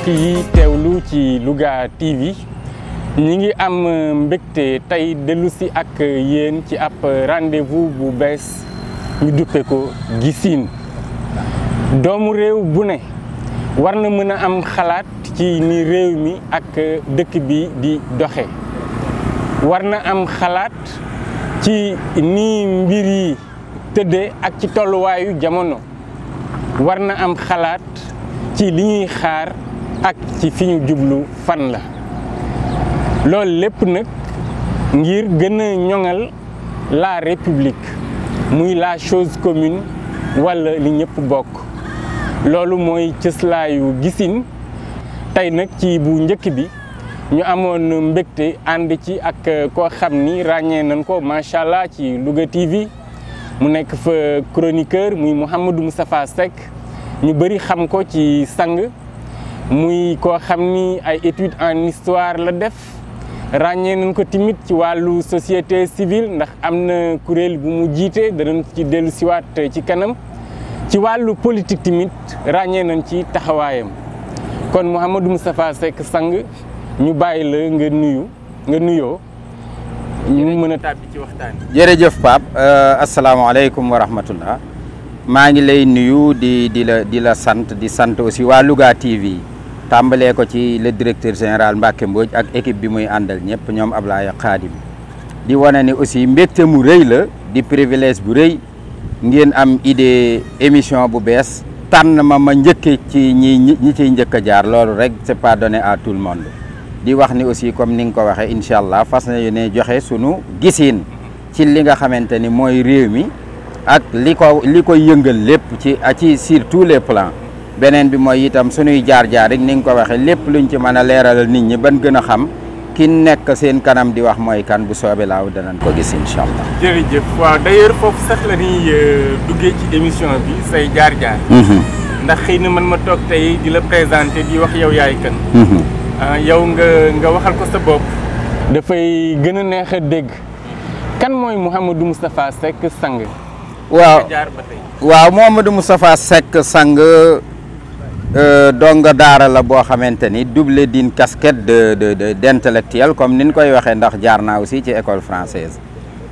mbokk yi teewlu ci Louga TV ñi ngi am mbëgte tey dellusi ak yéen ci ab rendez bu bees ñu duppe ko gisiin doomu réew bu ne war na mën a am xalaat ci ni réew mi ak dëkk bi di doxe war na am xalaat ci ni mbir yi tëdde ak ci tolluwaayu jamono war na am xalaat ci li ñuy xaar ak ci fi jublu fan la loolu lépp nag ngir gën a ñoŋal la république muy la chose commune walla li ñëpp bokk loolu mooy cëslaayu gisin tey nag ci bu njëkk bi ñu amoon mbëgte ànd ci ak ko xam ni ràññee nañ ko macha allah ci Louga TV mu nekk fa chroniqueur muy Mouhamadou Moustapha Seck ñu bëri xam ko ci sang muy koo xam ni ay études en histoire la def ràññee nañ ko timit ci wàllu société civile ndax am na kuréel bu mu jiite danañ ci dellu siwaat ci kanam ci wàllu politique timit ràññee nañ ci taxawaayam kon Mouhamadou Moustapha Seck sang ñu bàyyi la nga nuyu nga nuyoo ñu mën a tàbbi ci waxtaan jërëjëf Pape euh, asalaamaaleykum wa rahmatullah maa ngi lay nuyu di di la di la sant di sant aussi waa Louga TV tàmbalee ko ci le directeur général Mbacke Mbodj ak équipe bi muy àndal ñëpp ñoom Ablaye Khadim di wane ne aussi mbégte mu rëy la di privilège bu rëy ngeen am idée émission bu bees tànn ma ma njëkke ci ñi ñi ciy njëkk jaar loolu rek c'est pas donné à tout le monde di wax ni aussi comme ni nga ko waxee incha allah fas na yéene joxe sunu gisin ci li nga xamante ni mooy réew mi ak li ko li koy yëngal lépp ci ci sur tous les plans benen bi moy itam suñuy jaar-jaar rek ni ngi ko waxe lepp luñ ci mëna léralal nit ñi ban gëna xam ki nekk seen kanam di wax moy kan bu soobé laaw da nañ ko gis inshallah allah. jërëjëf wa d'ailleurs foofu sax la ni euh, duggé ci émission bi say jaar-jaar. hmm ndax xeyna man ma tok tay di la présenter di wax yow yaay kan. hmm yow nga nga waxal ko sa bop da fay gëna nexe deg kan moy Mouhamadou Moustapha sek sang. waaw waaw Mouhamadou Moustapha sek sang. Euh, donga dara la bo xamanteni double din casquette de de d'intellectuel comme niñ koy waxe ndax jarna aussi ci école française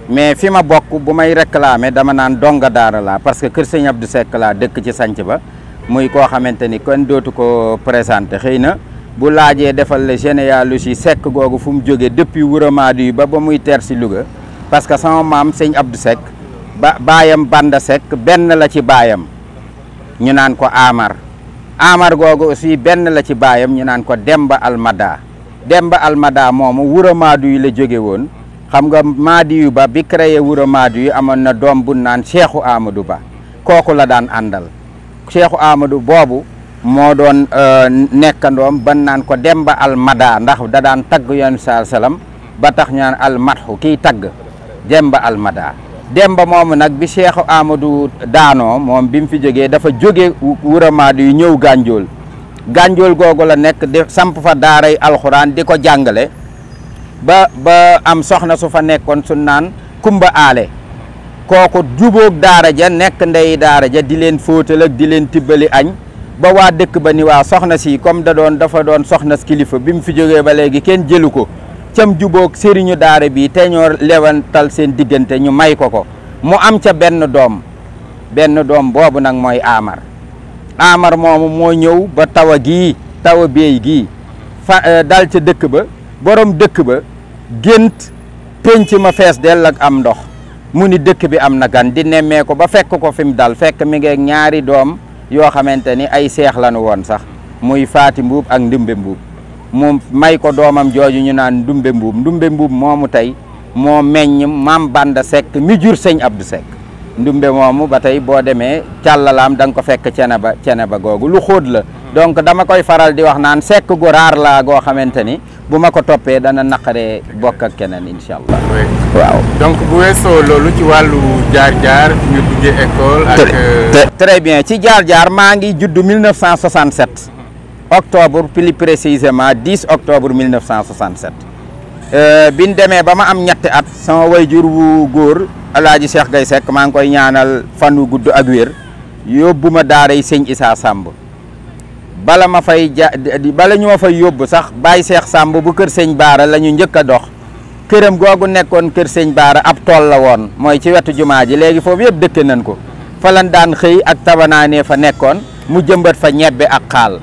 mais fi ma bok bu may réclamer dama nan donga dara la parce que keur seigne abdou sek la dekk ci sante ba muy ko xamanteni kon dotu ko présenter xeyna bu laaje defal le généalogie sek gogou fum joge, depuis wouramadu ba ba muy terre ci louga parce que sama mam seigne abdou sek bayam banda sek ben la ci bayam ñu nan ko amar amar gogo aussi ben la ci bayam ñu nan ko demba almada demba almada momu wura madu yi la joge won xam nga maadi yu ba bi créer madu maadu yu amon na dom bu nan cheikhou amadou ba koku la dan andal cheikhou amadou bobu mo don euh, nekkandoom ban nan ko demba almada ndax da dan tag yoon saa salam ba tax ñaan almadhu ki tag demba almada Demba moomu nag bi Cheikh amadu daanoo moom bi mu fi jógee dafa jóge Wuramaadu yu ñëw Gànjool Gànjool googu la nekk di samp fa daaray alxuraan di ko jàngale ba ba am soxna su fa nekkoon su naan Kumba Aale kooku jubóog daara ja nekk ndey daara ja di leen fóotal ak di leen tibbali añ ba waa dëkk ba ni waa soxna si comme da doon dafa doon soxna kilifa bi mu fi jógee ba léegi kenn jëlu ko cam jubook sëriñu daara bi te ñoo lewantal seen diggante ñu may ko ko mu am ca benn doom benn doom boobu nag mooy Amar aamar moomu moo ñëw ba taw a gii taw a béy fa eh, dal ca dëkk ba borom dëkk ba gént pénc ma fees dell ak am ndox mu ni dëkk bi am na gan di nemmee ko ba fekk ko fi mu dal fekk mi ngeeg ñaari doom yoo xamante ni ay seex lañu woon sax muy faati mbuub ak ndimbe mbuub mu may ko doomam jooju ñu naan dumbe mbuub ndumbe mbuub moomu tey moo meññ maam band Seck mi jur sëñ Abdou Seck ndumbe moomu ba tey boo demee càllalaam da ko fekk cene ba cene ba googu lu xóot la donc dama koy faral di wax naan sekk gu raar laa goo xamante ni bu ma ko toppee dana naqaree bokk ak keneen incha allah. waaw donc ci jaar jaar euh, bien ci jaar jaar maa ngi judd 1967. octobre plus précisément 10 octobre 1967 euh, biñ demee ba ma am ñetti at sama jur wu góor alaaji seex Gay Seck maa ngi koy ñaanal fan wu gudd ak wér yóbbu ma daaray sëñ Isaa Sàmb bala ma fay ja bala ñu ma fay yóbbu sax Baay Cheikh Sàmb bu kër sëñ Baara la ñu njëkk a dox këram googu nekkoon kër sëñ Baara ab tool la woon mooy ci wetu jumaa ji léegi foofu yëpp dëkke nañ ko falan daan xëy ak tabanaanee fa nekkoon mu jëmbat fa ñebbe ak xaal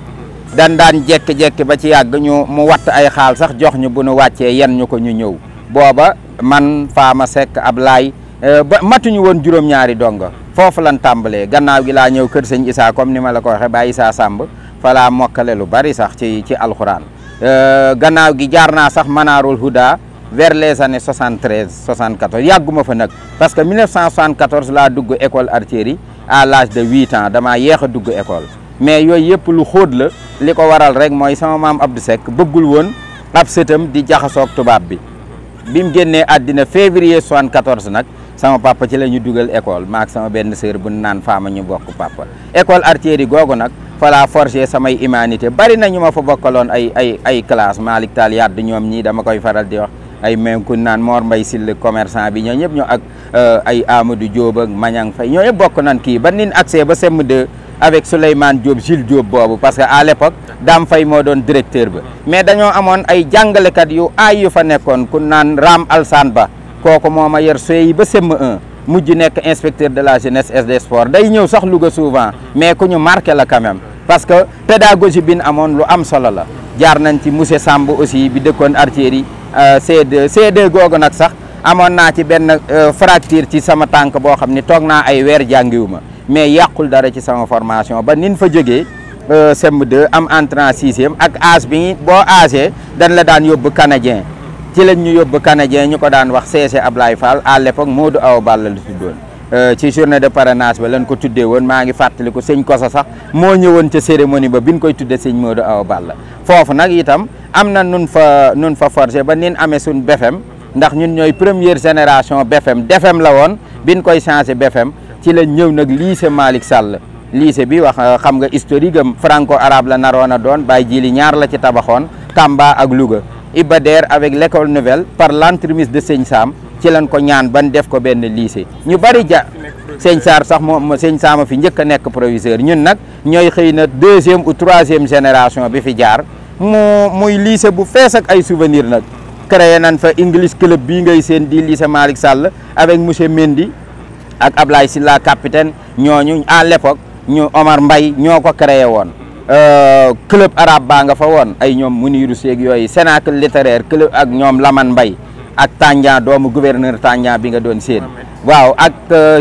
dan daan jekki-jekki ba ci yàgg ñu mu watt ay xaal sax jox ñu bu nu wàccee yen ñu ko ñu ñëw booba man faama sekk ab laay eh, ba matuñu woon juróom-ñaari dongo foofu lan tàmbalee gannaaw gi laa ñëw kër sëñ Issa comme ni ma la ko waxee Baye Issa Samb fa laa mokkale lu bari sax ci ci alxuraan eh, gannaaw gi jaar naa sax Manaarul Huda vers les années 73 74 yàgguma fa nag parce que la laa dugg école artière yi à l'âge de 8 ans damaa yéex a dugg école mais yoy yep lu xóot la liko waral rek moy sama mam Abdou sek beugul won ab setam di jaxaso ak bi bi bim génnee adina février 74 nak sama papa ci lañu duggal dugal école maak sama benn sœur bu nane fama ñu bokk papa école artière yi gogo nak fa forger sama humanité bari na ñu ma fa bokkalon ay ay ay classe Malick Tall yàdd ñom ñi dama koy faral di wax ay ku nane Mor Mbay Sill commerçant bi ñoo ñep ñoo ak euh, ay Amadou Diop ak Mañang Fay ñoo ñëpp bokk nan ki banin nin accès ba sem 2 avec Souleymane Diop Gilles Diop bobu parce que à l'époque Dam Fay mo doon directeur ba mais dañoo amone ay jangale kat yu ay yu fa nekkone ku nan Ram Alsan Ba kooku moma yer sey ba sem 1 mujj nek inspecteur de la jeunesse SD sport day ñew sax lu ga souvent mais ku ñu marqué la quand même parce que pédagogie bin amone lu am solo la jaar nañ ci monsieur Samb aussi bi dekkone artères yi euh, C2 C2 googu nag sax amone na ci ben euh, fracture ci sama tank bo xamni tok na ay weer jàngiwu mais yàqul dara ci sama formation ba nin fa jógee CM2 euh, am entrant en sixième ak âge bi boo âgee dan la daan yóbbu canadien ci lañ ñu yóbbu canadien ñu ko daan wax CC Ablaye Fall à l'époque Modou Awa Balla la tuddoon euh, ci journée de parrainage ba lañ ko tuddee woon maa ngi fàttali ko sëñ Kosa sax moo ñëwoon ca cérémonie ba bi biñ koy tuddee sëñ Modou Awa Balla foofu nag itam am na nun fa nun fa ba nin amee suñ BFM ndax ñun ñooy première génération BFM DFM la woon biñ koy changé BFM ci la ñëw nag lycée Malick Sall lycée bi wax euh, xam nga historique am franco arabe la naroon a doon Baye Djili ñaar la ci tabaxoon Tamba ak Louga Iba Der avec l'école nouvelle par l'entremise de Sëñ ci leen ko ñaan ban def ko benn lycée ñu bari ja sëñ Saar sax moom sëñ Saama fi njëkk a nekk proviseur ñun nag ñooy xëy na deuxième ou troisième génération bi fi jaar mu muy lycée bu fees ak ay souvenir nag créé nañ fa English club bi ngay seen di lycée Malick Sall avec monsieur Mendy ak Ablaye la capitaine ñooñu à l'époque ñu Omar mbay ñoo ko créé woon euh, club arabe baa nga fa woon ay ñoom Muniru Seeg yooyu cénacle littéraire club ak ñoom Laman mbay ak Tandian doomu gouverneur Tandian bi nga doon seen waaw ak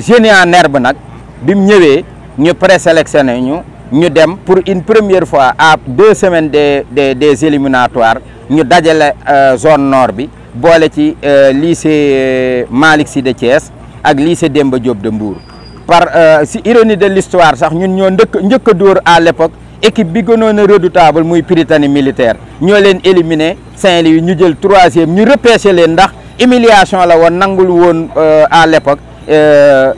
jeune en herbe nag bi mu ñëwee ñu présélectionné ñu ñu dem pour une première fois à deux semaines des des des éliminatoires ñu dajale euh, zone nord bi boole ci euh, lycée Malick Sy de Thiès ak lycée Demba Diop de Mbour par euh, si ironie de l'histoire sax ñun ñoo ndëkk njëkk a dóor à l'époque équipe bi gënoon a redoutable muy Prytanée militaire ñoo leen éliminé Saint-Louis ñu jël troisième ñu repêché leen ndax humiliation la woon nangul woon euh, à l'époque euh,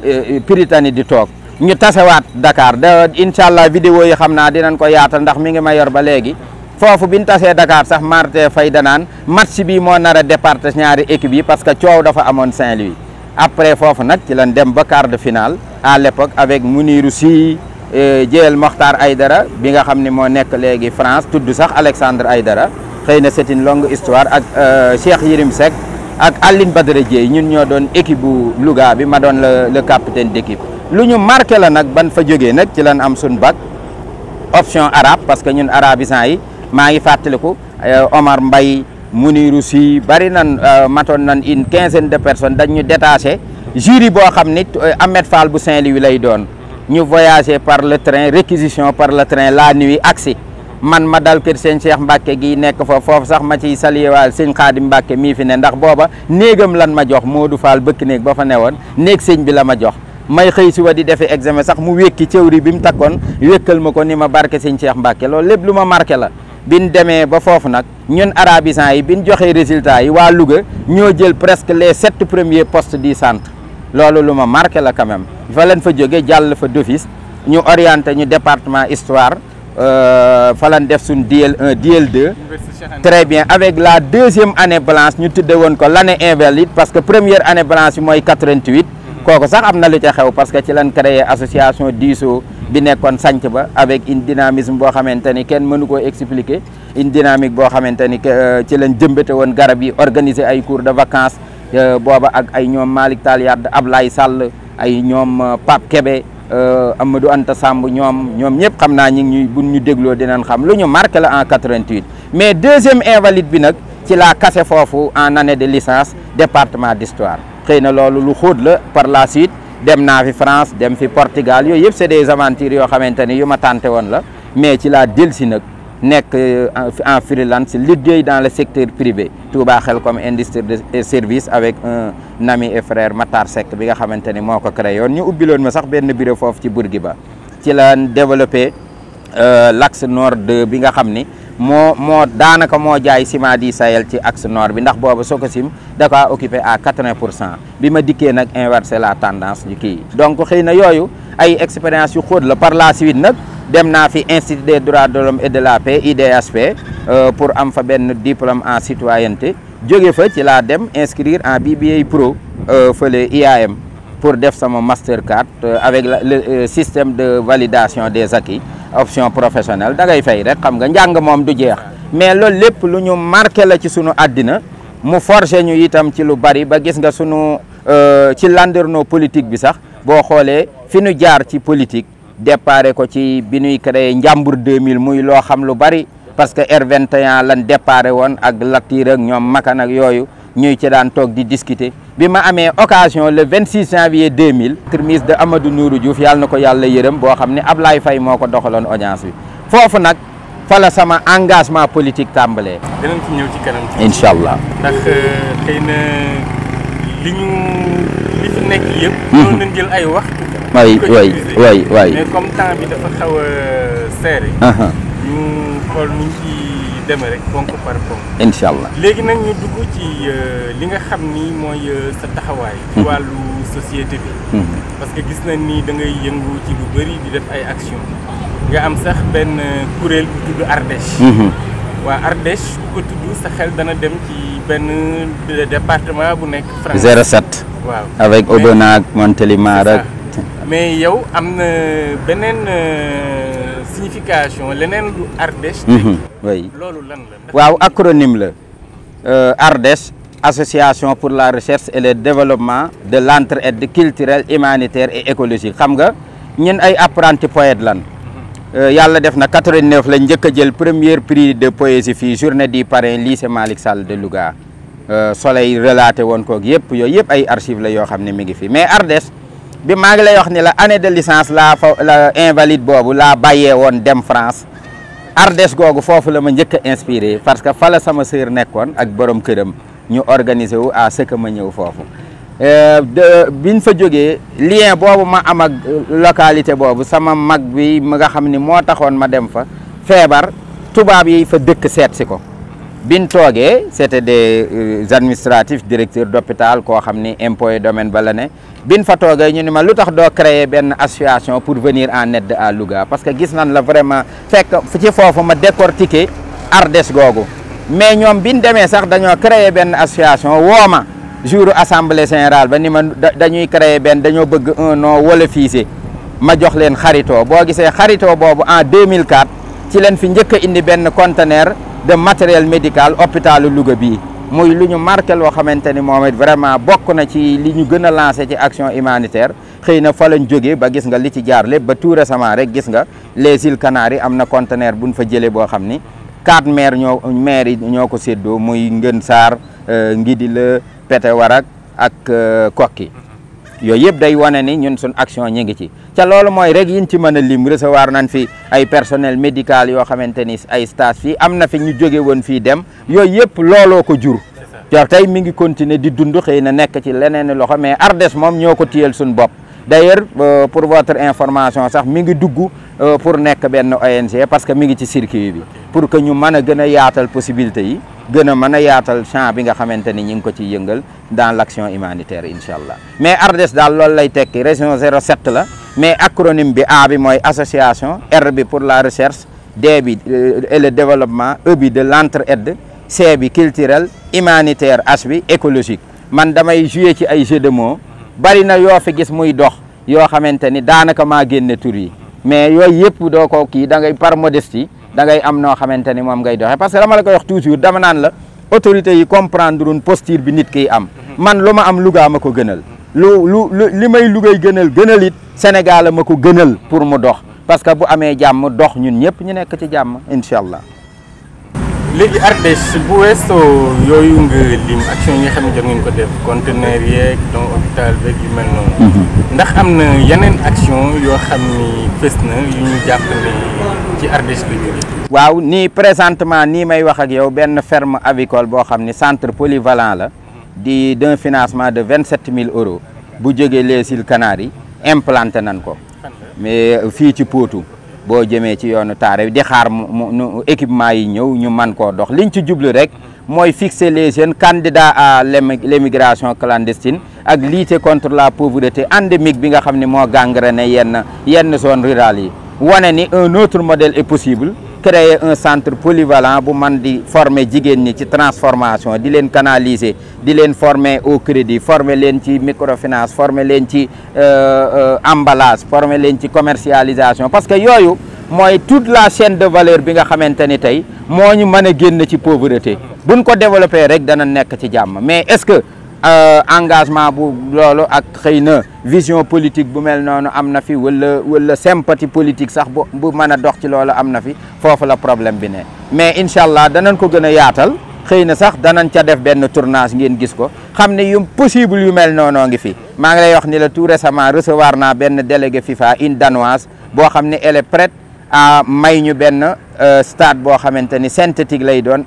Prytanée di toog ñu tasewaat dakaar da incha allah vidéo yi xam naa dinañ ko yaatal ndax mi ngi ma yor ba léegi foofu bi ñu tasee dakaar sax Martin Faye naan match bi moo nar a départage ñaari équipe yi parce que coow dafa amoon Saint-Louis après fofu nak ci lan dem ba quart de finale à l'époque avec Mounirou Sy eh, Djel Mokhtar Aydara bi nga xamni mo nek légui France tuddu sax Alexandre Aydara xeyna c'est une longue histoire ak euh, Cheikh Yirim Sek ak Aline Badre Dieye ñun ñoo doon équipe bu Louga bi ma doon le, le capitaine d'équipe lu ñu marqué la nak ban fa joggé nak ci lan am sun bac option arabe parce que ñun arabisant yi ma ngi fàttaliku euh, Omar Mbaye Mounirou si bari nan euh, maton nan une quinzaine de personnes dañu détaché jury bo xam euh, Ahmed Fall bu Saint-Louis lay doon ñu voyager par le train réquisition par le train la nuit accès. man ma dal keur sëñ Cheikh Mbacke gi nek fa foofu sax ma ciy saliwaal sëñ Khadim Mbacke mi fi ne ndax boba néegam lan ma jox Modou Fall bëkk néeg ba fa newoon néeg sëñ bi la ma jox may xey si wa di examen sax mu wékki cëwri bi mu takkon wékkal mako ni ma barke sëñ Cheikh Mbacke lool lepp luma ma marqué la biñ démé ba fofu nak ñun arabisants yi biñ joxé résultats yi wa Louga ñoo jël presque les 7 premiers postes du centre loolu luma marqué la quand même fa leen fa joggé jàll fa d'office ñu orienté ñu département histoire euh, fa lañ def sun DL1 DL2 très bien avec la deuxième année blanche ñu tudde woon ko l'année invalide parce que première année blanche moy 88 mhm. kooku sax amna na lu ca xew parce que ci lañ créé association d'iso bi nekkoon sanc ba avec une dynamisme bo xamanteni ken kenn mënu koo expliquer une dynamique bo xamanteni euh, ci lañ jëmbété won garab yi organiser ay cours de vacances euh, booba ak ay ñom Malik Tall Yade Ablaye Sall ay ñom euh, Pape Kébé Amadou Anta Samb ñom ñom ñëpp xamna naa ñi ngi ñuy buñ ñu dégloo dinañ xam lu ñu marqué la en 88 mais deuxième invalide bi nak ci la cassé fofu en année de licence département d'histoire xeyna na loolu lu xóot la par la suite dem na fi France dem fi Portugal yooyu yëpp c'est des aventures yo xamanteni ni yu ma tànte woon la mais ci la delsi nak nek euh, en freelance lidey dans le secteur privé Touba comme industrie de service avec un ami et frère Matar Sek bi nga xamanteni moko moo créé yoon ñu ubbiloon ma sax ben bureau fofu ci Bourguiba ci la euh, l'axe nord de bi nga xamni moo moo daanaka moo jaay ciment di Sahel ci axe nord bi ndax boobu Sococim da kaa occupé à 80 pour cent bi ma dikkee nag inversé la tendance ñu kii donc xëy na yooyu ay expérience yu xoot la par la suite nag dem naa fi institut des droits de l'homme et de la paix IDHP euh, pour am fa benn diplôme en citoyenneté jóge fa ci la dem inscrire en BBA pro euh, fële IAM pour def mastercard euh, avec le euh, système de validation des acquis option professionnelle da ngay fay rek xam nga mom du jeex mais loolu lépp lu marqué la mu nous ñu itam ci lu bari ba gis nga euh, politique bi sax fi ñu politique déparé 2000 parce que R21 de déparé ak Makan ñuy ci daan toog di discuter bi ma amee occasion le 26 janvier 2000 kermise de Amadou Nourou juuf yàlla na ko yàlla yërëm boo xam ne Ablaye Faye moo ko doxaloon audience bi foofu nag fa la sama engagement politique tàmbalee. dinañ incha allah ndax euh, xëy li ñu li fi nekk yëpp. doon mhm. nañ ay wax. way waay waay demee rek ponk par ponk. incha allah léegi nag ñu dugg ci euh, li nga xam ni mooy euh, sa taxawaay. ci mhm. wàllu société bi. Mhm. parce que gis nañ ni da ngay yëngu ci lu bëri di def ay action nga am sax benn euh, kuréel bu tudd Ardèche. Mhm. waa Ardèche ku ko tudd sa xel dana dem ci benn département bu nekk France. 07. waaw avec Aubenas ak Montélimar mais yow am na beneen. signification le lu ARDES. Mhm, oui lan la. waaw acronyme le euh, ARDES association pour la recherche et le développement de l'entraide culturelle humanitaire et écologique xam nga ñun ay apprentis poètes lan. Mhm. Euh, a def na 89 la njëkk a jël premier prix de poésie fi journée du parrain lycée Malik Sall de Louga euh, soleil relaté ko ak yépp yoy yépp ay archives la yo xam mi ngi fi mais ARDES bi maa ngi lay wax ni la année de licence la invalide bobu, la bàyyee woon dem France Ardèche googu foofu la ma inspiré parce que Fala la sama sœur nekkoon ak borom këram ñu organiser wu à ce que ma ñëw foofu euh, biñ fa jógee lien bobu, ma am ak localité bobu, sama mag bi mi xamni mo ni ma dem fa feebar tubaab yi fa dëkk seet si ko biñ toogee c'était des euh, administratifs directeur d'hôpital ko xamni employé domaine balané bin fa gay ñu ni ma lutax do créer ben association pour venir en aide à Louga parce que gis nan la vraiment fekk ci fofu ma décortiquer Ardèche Gogo. mais ñom bin demee sax dañoo créer ben association woo jour assemblée générale ba ni ma dañuy créer ben dañoo bëgg un nom fisé ma jox leen xaritoo bo gisé xaritoo bobu en 2004 ci leen fi njëkk indi ben conteneur de matériel médical hôpitalu Louga bi muy lu ñu marqué loo xamante ni moom it vraiment bokk na ci li ñu gën a lancé ci action humanitaire xëy na fa lañ jógee ba gis nga li ci jaar lépp ba tout récemment rek gis nga les îles Canaries am na bu buñ fa jëlee boo xam ni quatre maires ñoo maires yi ñoo ko séddoo muy Ngën Saar euh, Ngidi la Pété Warak ak euh, Kokki yooyu yëpp day wane ni ñun suñ action ñi ngi ci ca loolu mooy rek yin ci mën a lim recevoir nañ fi ay personnel médical yoo xamante ni ay stage fii am na fi ñu jóge woon fii dem yooyu yëpp looloo ko jur jo tey mi ngi continuer di dund xëy na nekk ci leneen loxo mais ardes moom ñoo ko téyel suñ bopp d'ailleurs euh, pour votre information sax mi ngi dugg euh, pour nek ben ONG parce que mi ngi ci circuit bi pour que nous puissions gëna yaatal possibilité yi nous mëna yaatal champ bi nga xamanteni ñing ko ci dans l'action humanitaire inshallah. mais ARDES dal loolu lay tekki région 07 la mais acronyme bi A bi moy association R bi pour la recherche D bi euh, et le développement E bi de l'entraide C bi culturel humanitaire H bi écologique man damay jouer ci ay jeux de mots bari na yoo fi gis muy dox yoo xamante ni daanaka maa génne tur yi mais yooyu yëpp doo ko kii da ngay par modestie da ngay am noo xamante ni moom ngay doxee parce que dama la koy wax toujours dama naan la autorité yi comprendre un posture bi nit ki am man lu ma am Louga ma ko gënal lu lu li may Lougay gënal gënal it Sénégal ma ko gënal pour mu dox parce que bu amee jàmm dox ñun ñëpp ñu nekk ci jàmm incha allah léegi Ardèche bu weesoo yooyu nga lim action yi nga xam ne jot ngeen ko def conteneur yeeg donc hôpital beeg yu mel noonu. Mhm. ndax am na yeneen action yoo xam ni fës na yu ñu jàpp ne ci Ardèche la jógee. waaw nii présentement nii may wax ak yow benn ferme avicole boo xam ni centre polyvalent la di d'un financement de vingt sept mille euros bu jege les îles Canaries implanté nan ko fii ci Potou. boo jëmee ci yoonu taare bi di xaar mu équipement yi ñëw ñu man ko dox liñ ci jublu rek mooy fixer les jeunes candidats à l'émigration clandestine ak lutter contre la pauvreté endémique bi nga xam ni moo gangrené yenn yenn zone rurale yi wane ni un autre modèle est possible créer un centre polyvalent pour man former jigen ni ci transformation di len canaliser di former au crédit former len ci microfinance former len ci euh, euh, emballage former len ci commercialisation parce que moy toute la chaîne de valeur bi nga xamante t'ay moñu moo ñu ci pauvreté mm-hmm. buñ ko développer rek dana nek ci jamm mais est-ce que euh, engagement et le vision politique bu mel sympathie politique sax bu meuna dox problème mais inshallah, le ko gëna yaatal sax def tournage ngeen gis possible yu tout récemment recevoir na délégué FIFA une danoise qui elle est prête à may ñu euh, stade synthétique lay doon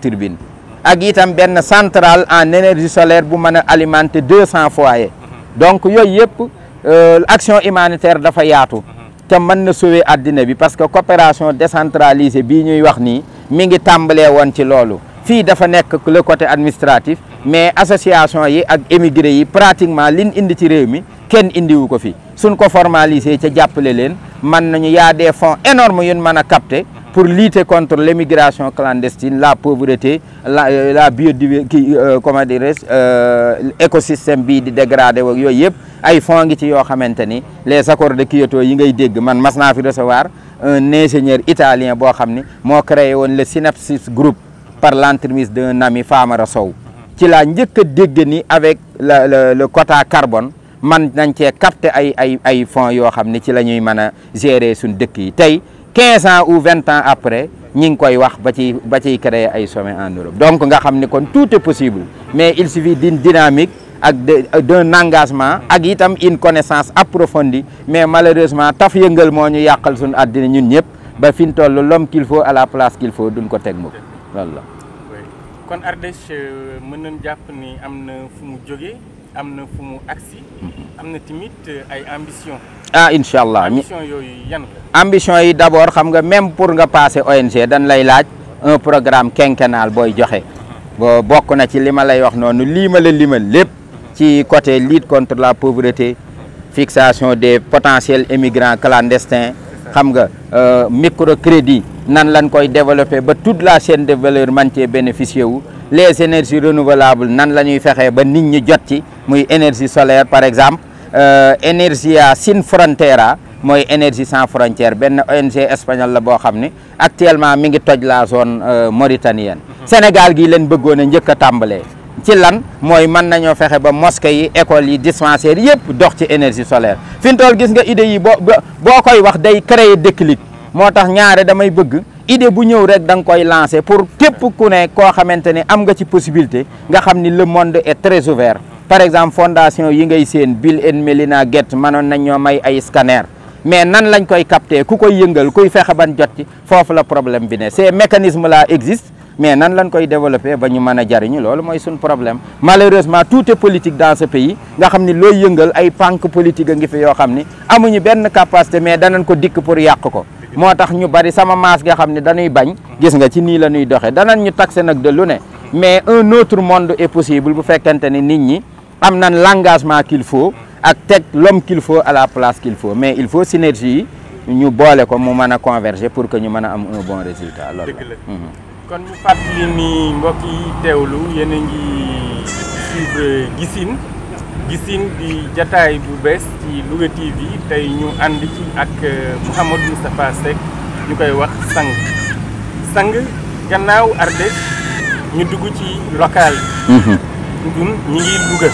turbine ak itam benn central en énergie solaire bu mën a alimenter deux cent foyers mhm. donc yooyu yëpp euh, action humanitaire dafa yaatu mhm. te mën na sauver addina bi parce que coopération décentralisée bii ñuy wax nii mi ngi tàmbalee woon ci loolu fii dafa nekk le côté administratif mhm. mais association yi ak émigré yi pratiquement liñ indi ci réew mi kenn indiwu ko fi suñ ko formaliser ca jàppale leen mën nañu ya des fonds énormes yuñ mën a capter pour lutter contre l'émigration clandestine, la pauvreté, la, euh, la biodiversité, euh, comment dire, euh, l'écosystème bi dégradé ak yooyu yëpp ay fonds ngi ci yo xamanteni les accords de Kyoto yi ngay dégg man masna fi recevoir un ingénieur italien bo xamni mo créé won le Synapsis Group par l'entremise d'un ami Famara Sow ci l'a njëkk a dégg ni avec la le, le quota carbone man nañ cee capter ay ay ay fonds yo xamni ci la mëna gérer suñ dëkk yi tay 15 ans ou 20 ans après ñi ngi koy wax ba ci créer ay sommets en Europe donc nga xam kon tout est possible mais il suffit d'une dynamique euh, d'un engagement ak itam une connaissance approfondie mais malheureusement taf yëngal mo ñu yakal sun adina ñun ñep ba fi toll l'homme qu'il faut à la place qu'il faut duñ ko tek mo. loolu kon Ardèche euh, mën nañ japp ni amna fu mu fu mm-hmm. euh, ay ambition ah Inch'Allah. ambition yi d'abord, même pour nga passer ONG dañ lay laaj un programme quinquennal en joxe bo bok na ci li ma lay wax nonu lii ma limal lepp ci côté lutte contre la pauvreté fixation des potentiels immigrants clandestins xam nga euh, microcrédit nan lañ koy développer ba toute la chaîne de valeur man wu les énergies renouvelables nan les fexé ba nit ñi jot ci muy énergie solaire par exemple Energia euh, Sin Frontera mooy énergie sans frontière ben ONG espagnol la boo xam actuellement mi ngi toj la zone euh, mauritanienne mhm. Sénégal gi len beugone a njëkk ci lan moy man nañoo fexé ba mosquée yi école yi dispensaire yépp dox ci énergie solaire fi tol gis nga idée yi boo boo wax day créer déclic moo tax ñaare damay bëgg idée bu ñëw rek dang koy lancer pour képp ku ne ko xamante ne am nga ci possibilité nga xamni ni le monde est très ouvert par exemple fondation yi ngay seen Bill and Melina get mënoon nañ may ay scanner mais nan lañ koy capter ku koy yëngal kuy fexe ban jot ci foofu la problème bi ne ces mécanismes là existent mais nan lañ koy développer ba ñu mën a jariñu loolu mooy suñ problème malheureusement tout est politique dans ce pays nga xam ni looy yëngal ay pank politique a ngi fi yoo xam amuñu benn capacité mais danañ ko dikk pour yàq ko moo tax ñu bari sama maas nga xam ne dañuy bañ gis nga ci nii la ñuy doxee danañ ñu taxé nag de lu mais un autre monde est possible bu fekkente ni nit ñi am nan l'engagement qu'il faut ak tek l'homme qu'il faut à la place qu'il faut mais il faut synergie ñu boole ko mu mën converger pour que ñu mën am un bon résultat Alors, la mhm. kon ñu fàttali ni mbokk yi teewlu yéen ngi suivre Guissine Guissine di jataay bu bes ci Louga TV tay ñu and ci ak euh, Mohamed Moustapha Seck ñu wax sang sang gannaaw Ardèche ñu dugg ci local yi mhm. ñun ñu ngi Louga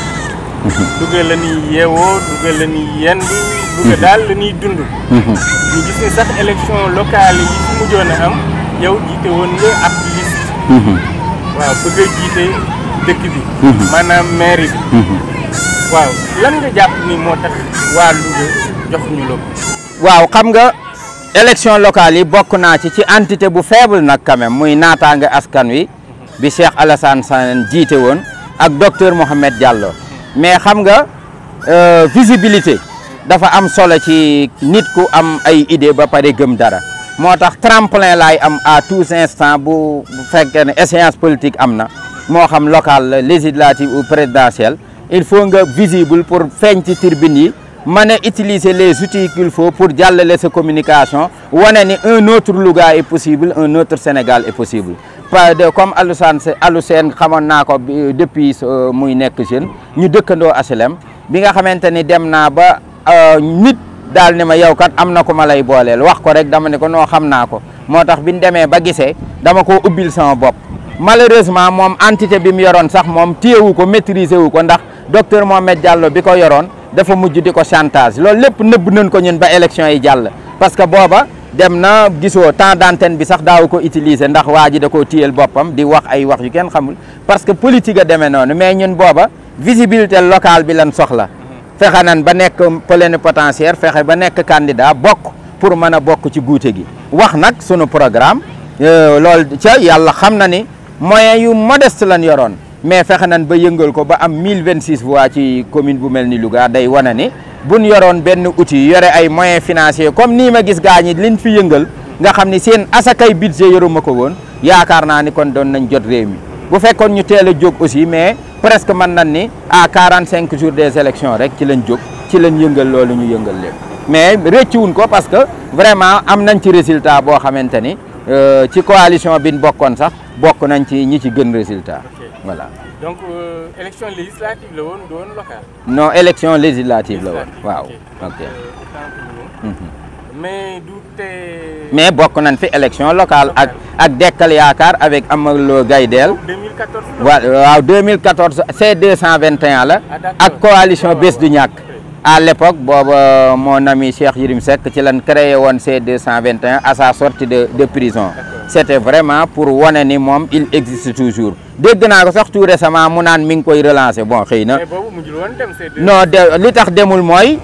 dugal la ñuy yeewoo dugal la ñuy mhm. daal la dund mhm. ñu gis ne locale yi mujjoon am yow jiite woon nga ab liste mhm. waaw bëgg jiite dëkk bi maanaam mairie waaw lan nga jàpp ni moo tax waa Louga jox ñu loolu waaw xam nga election locale yi bokk naa ci ci entité bu faible nag quand même muy naataange askan wi bi Cheikh Alassane Sane jiite woon ak docteur Mohamed Diallo mais xam nga euh, visibilité dafa am solo ci nit ku am ay idée ba paré gëm dara motax tremplin lay am à tous instants bu faire une séance politique amna mo xam local législatif ou présidentiel il faut nga visible pour faire ci turbine mané a utiliser les outils qu'il faut pour jàllale sa communication wane ni un autre Louga est possible un autre Sénégal est possible comme Alou comme Alou ko depuis euh, muy nek jeune ñu dëkkandoo HLM bi nga xamante ni dem na ba euh, nit dal ne ma yow kat amna na ko malay lay wax ko rek dama ne ko no xamna ko motax biñ démé ba gisee dama ko ubil sama bop malheureusement mom entité bi mu yoroon sax mom téyewu maîtriser ndax docteur Mohamed Diallo biko yoron dafa mujj di ko chantage loolu lépp nëbb nañ ko ñun ba élection yi jàll parce que booba dem na gisoo temps d'antenne bi sax daaw ko utiliser ndax waa ji da koo téyel boppam di wax ay wax yu kenn xamul parce que politique a demee noonu mais ñun booba visibilité local bi lan soxla fexe nan ba nekk plénipotentiaire fexe ba nekk candidat bokk pour mën a bokk ci guute gi wax nag sunu programme euh, loolu ca yàlla xam na ni moyens yu modeste lan yoroon mais fexe nan ba yëngal ko ba am mille vingt 1026 voix ci commune bu mel ni Louga day wane ne buñ yoroon benn outil yore ay moyen financier comme nii ma gis gaa ñi liñ fi yëngal nga xam ni seen asakay budget yoruma ko woon yaakaar naa ni kon doon nañ jot réew mi bu fekkoon ñu teel a jóg aussi mais presque man nañ ni à cinq jours des élections rek ci lañ jóg ci lañ yëngal loolu ñu yëngal lépp mais rëcciwuñ ko parce que vraiment am nañ ci résultat boo xamante ni euh, ci coalition bi ñu bokkoon sax bokk nañ ci ñi ci gën résultat. donc euh, élection législative le local. non élection législative le ok mhm. mais du tee. mais bokk élection locale ak ak avec Amadou Gaydel. 2014 en 2014 c'est 221 la. Ah, coalition ah, Besduniac. à l'époque mon ami Cheikh Yirim Seck créé C221 à sa sortie de prison. c'était vraiment pour un ni il existe toujours. dégg na ko sax tout récemment mu nan mi ngi koy relancer bon xeyna non de li tax demul moy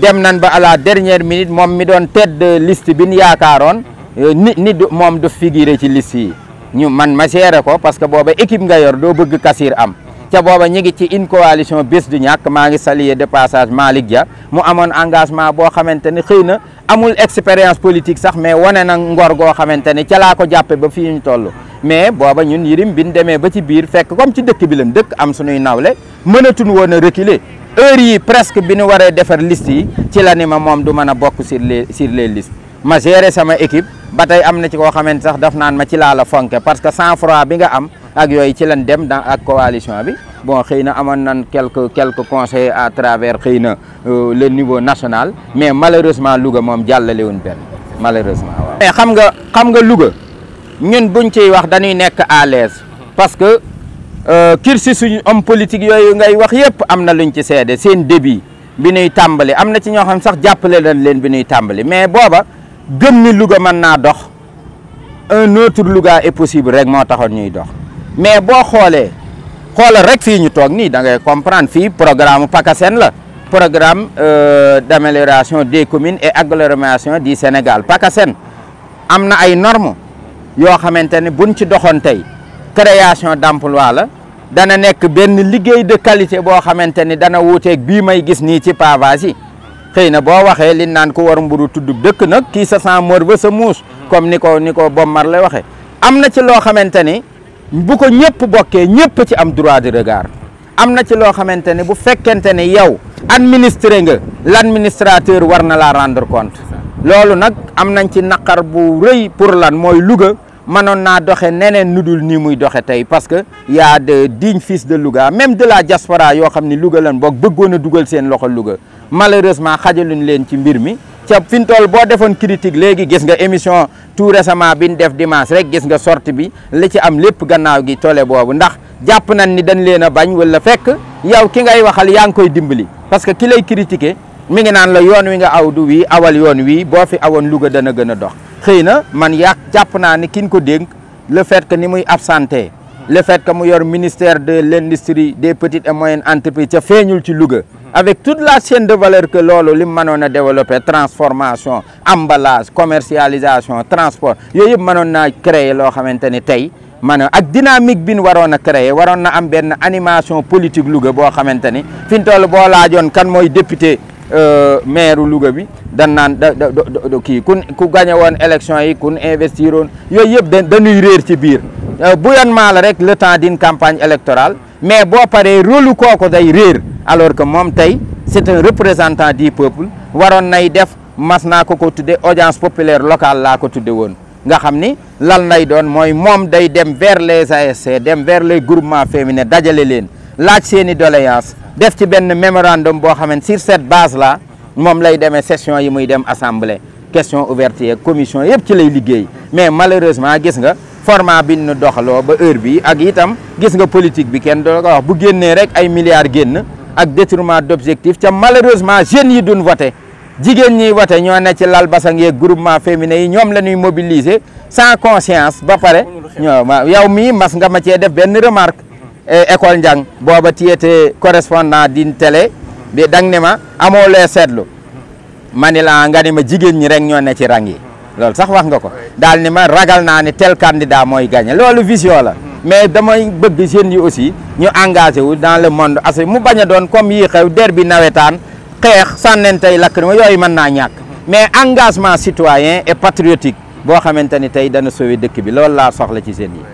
dem nan ba ala dernière minute mom mi don tedd liste bin ñu nit nit mom do figurer ci liste yi. ñu man ma géré ko parce que booba équipe nga yor do bëgg kasir am. ca booba ñi ngi ci une coalition bés du ñak ma ngi saluer de passage malik Dia mu amone engagement bo xamanteni xeyna amul expérience politique sax mais woné na ngor go xamanteni ca la ko jappé ba fi ñu tollu mais booba ñun Yirim bi démé ba ci biir fekk comme ci dëkk bi lan dëkk am suñuy nawle mënatuñu wona reculer heure yi presque bi waré waree liste yi ci la ni ma moom du mëna a sur les sur les listes ma géré sama équipe batay amna ci ko xamante sax daf naan ma ci la la fonké parce que sans froid bi nga am ak yoy ci lañ dem dans ak coalition bi bon xeyna amon nan quelques quelques conseils à travers xeyna euh, le niveau national mais malheureusement Louga moom jallalé wuñ ben malheureusement waaw xam nga xam nga Louga ñun buñ ciy wax dañuy nekk à l'aise parce que kirsi euh, suñu homme politique yooyu ngay wax yëpp am na luñ ci seede seen début bi nuy tàmbali am na ci ñoo xam sax jàppale lañ leen bi nuy tàmbali mais booba gëm ni Louga mën naa dox un autre Louga est possible rek moo taxoon ñuy dox mais boo xoolee xoolal rek fii ñu toog nii da ngay comprendre fii programme PACASEN la programme euh, d'amélioration des communes et agglomération di Sénégal PACASEN am na ay normes yoo xamante ne buñ ci doxoon tey création d'emploi la dana nekk benn liggéey de qualité boo xamante ni dana wuuteeg bii may gis nii ci pavage yi xëy na boo waxee li naan war mburu tuddub dëkk nag kii sa sans mor ba sa muus mhm. comme ni ko ni ko bommar la waxee am na ci loo xamante ni bu ko ñëpp bokkee ñëpp ci am droit de regard am na ci loo xamante ne bu fekkente ne yow administré nga l'administrateur war na la rendre compte loolu nag am nañ ci naqar bu rëy pour lan mooy Louga mënoon naa doxe neneen nu dul nii muy doxe tey parce que y a de dignes fils de luga même de la diaspora yoo xam ni Louga lan boog bëggoon a dugal seen loxo Louga malheureusement xajaluñ leen ci mbir mi ca fi mu toll boo defoon critique léegi gis nga émission tout récemment bi ñu def dimanche rek gis nga sortie bi li ci am lépp gannaaw gi tole boobu ndax jàpp nañ ni dañ leen a bañ wala fekk yow ki ngay waxal yaa ngi koy dimbali parce que ki lay mingi nan la yoon wi nga aw du wii awal yoon wi bo fi awoon Louga dana gëna dox xeyna man yak jàpp na ni kin ko denk le fait que ni muy absenté le fait que mu yor ministère de l'industrie des petites et moyennes entreprises ca feeñul ci Louga avec toute la chaîne de valeur que lolo lim mu mënoon développer transformation emballage commercialisation transport yoyep yëpp mënoon créer lo xamanteni tay man ak dynamique bin warona créer warona am ben animation politique Louga bo xamanteni ni fi mu toll boo laajoon kan moy député Euh, maire Louga bi dan naan da da kii ku ku gagné woon élection yi ku investir woon yooyu yëpp dañuy réer ci biir euh, bouillonnement la rek le temps din campagne électorale mais boo paree rôle kooko day réer alors que moom tey c'est un représentant du peuple waroon nay def mas naa ko ko tudde audience populaire local laa ko tudde woon nga xam ni lan lay doon mooy moom day dem vers les ASC dem vers les groupements féminins dajale leen laaj seeni doléance def ci ben memorandum bo xam sur cette base là mom lay démé session yi muy dem assemblée question ouverte et commission yépp ci lay liggéey mais malheureusement gis nga format bi ñu doxalo ba heure bi ak itam gis nga politique bi kenn do ko wax bu génné rek ay milliards génn ak détriment d' objectif ca malheureusement jeunes yi duñ voter jigéen ñi voter ñoo né ci lal basang groupement féminin yi la ñuy mobiliser sans conscience ba paré ñoo yow mi mas nga ma ci def ben remarque E école njàng booba tiyete correspondant din télé bi dang ne ma amoo lee seetlu ma ni la nga ne ma jigéen ñi rek ñoo ne ci rang yi loolu sax wax nga ko daal ne ma ragal naa ne tel candidat mooy gagné loolu vision la mais damay bëgg jeunes yi aussi ñu engage wu dans le monde parce que mu bañ a doon comme yii xew der bi tey xeex sànnentey yo yi mën naa ñàkk mais engagement citoyen et patriotique boo xamante ni tey dana sauver dëkk bi loolu laa soxla ci jeunes yi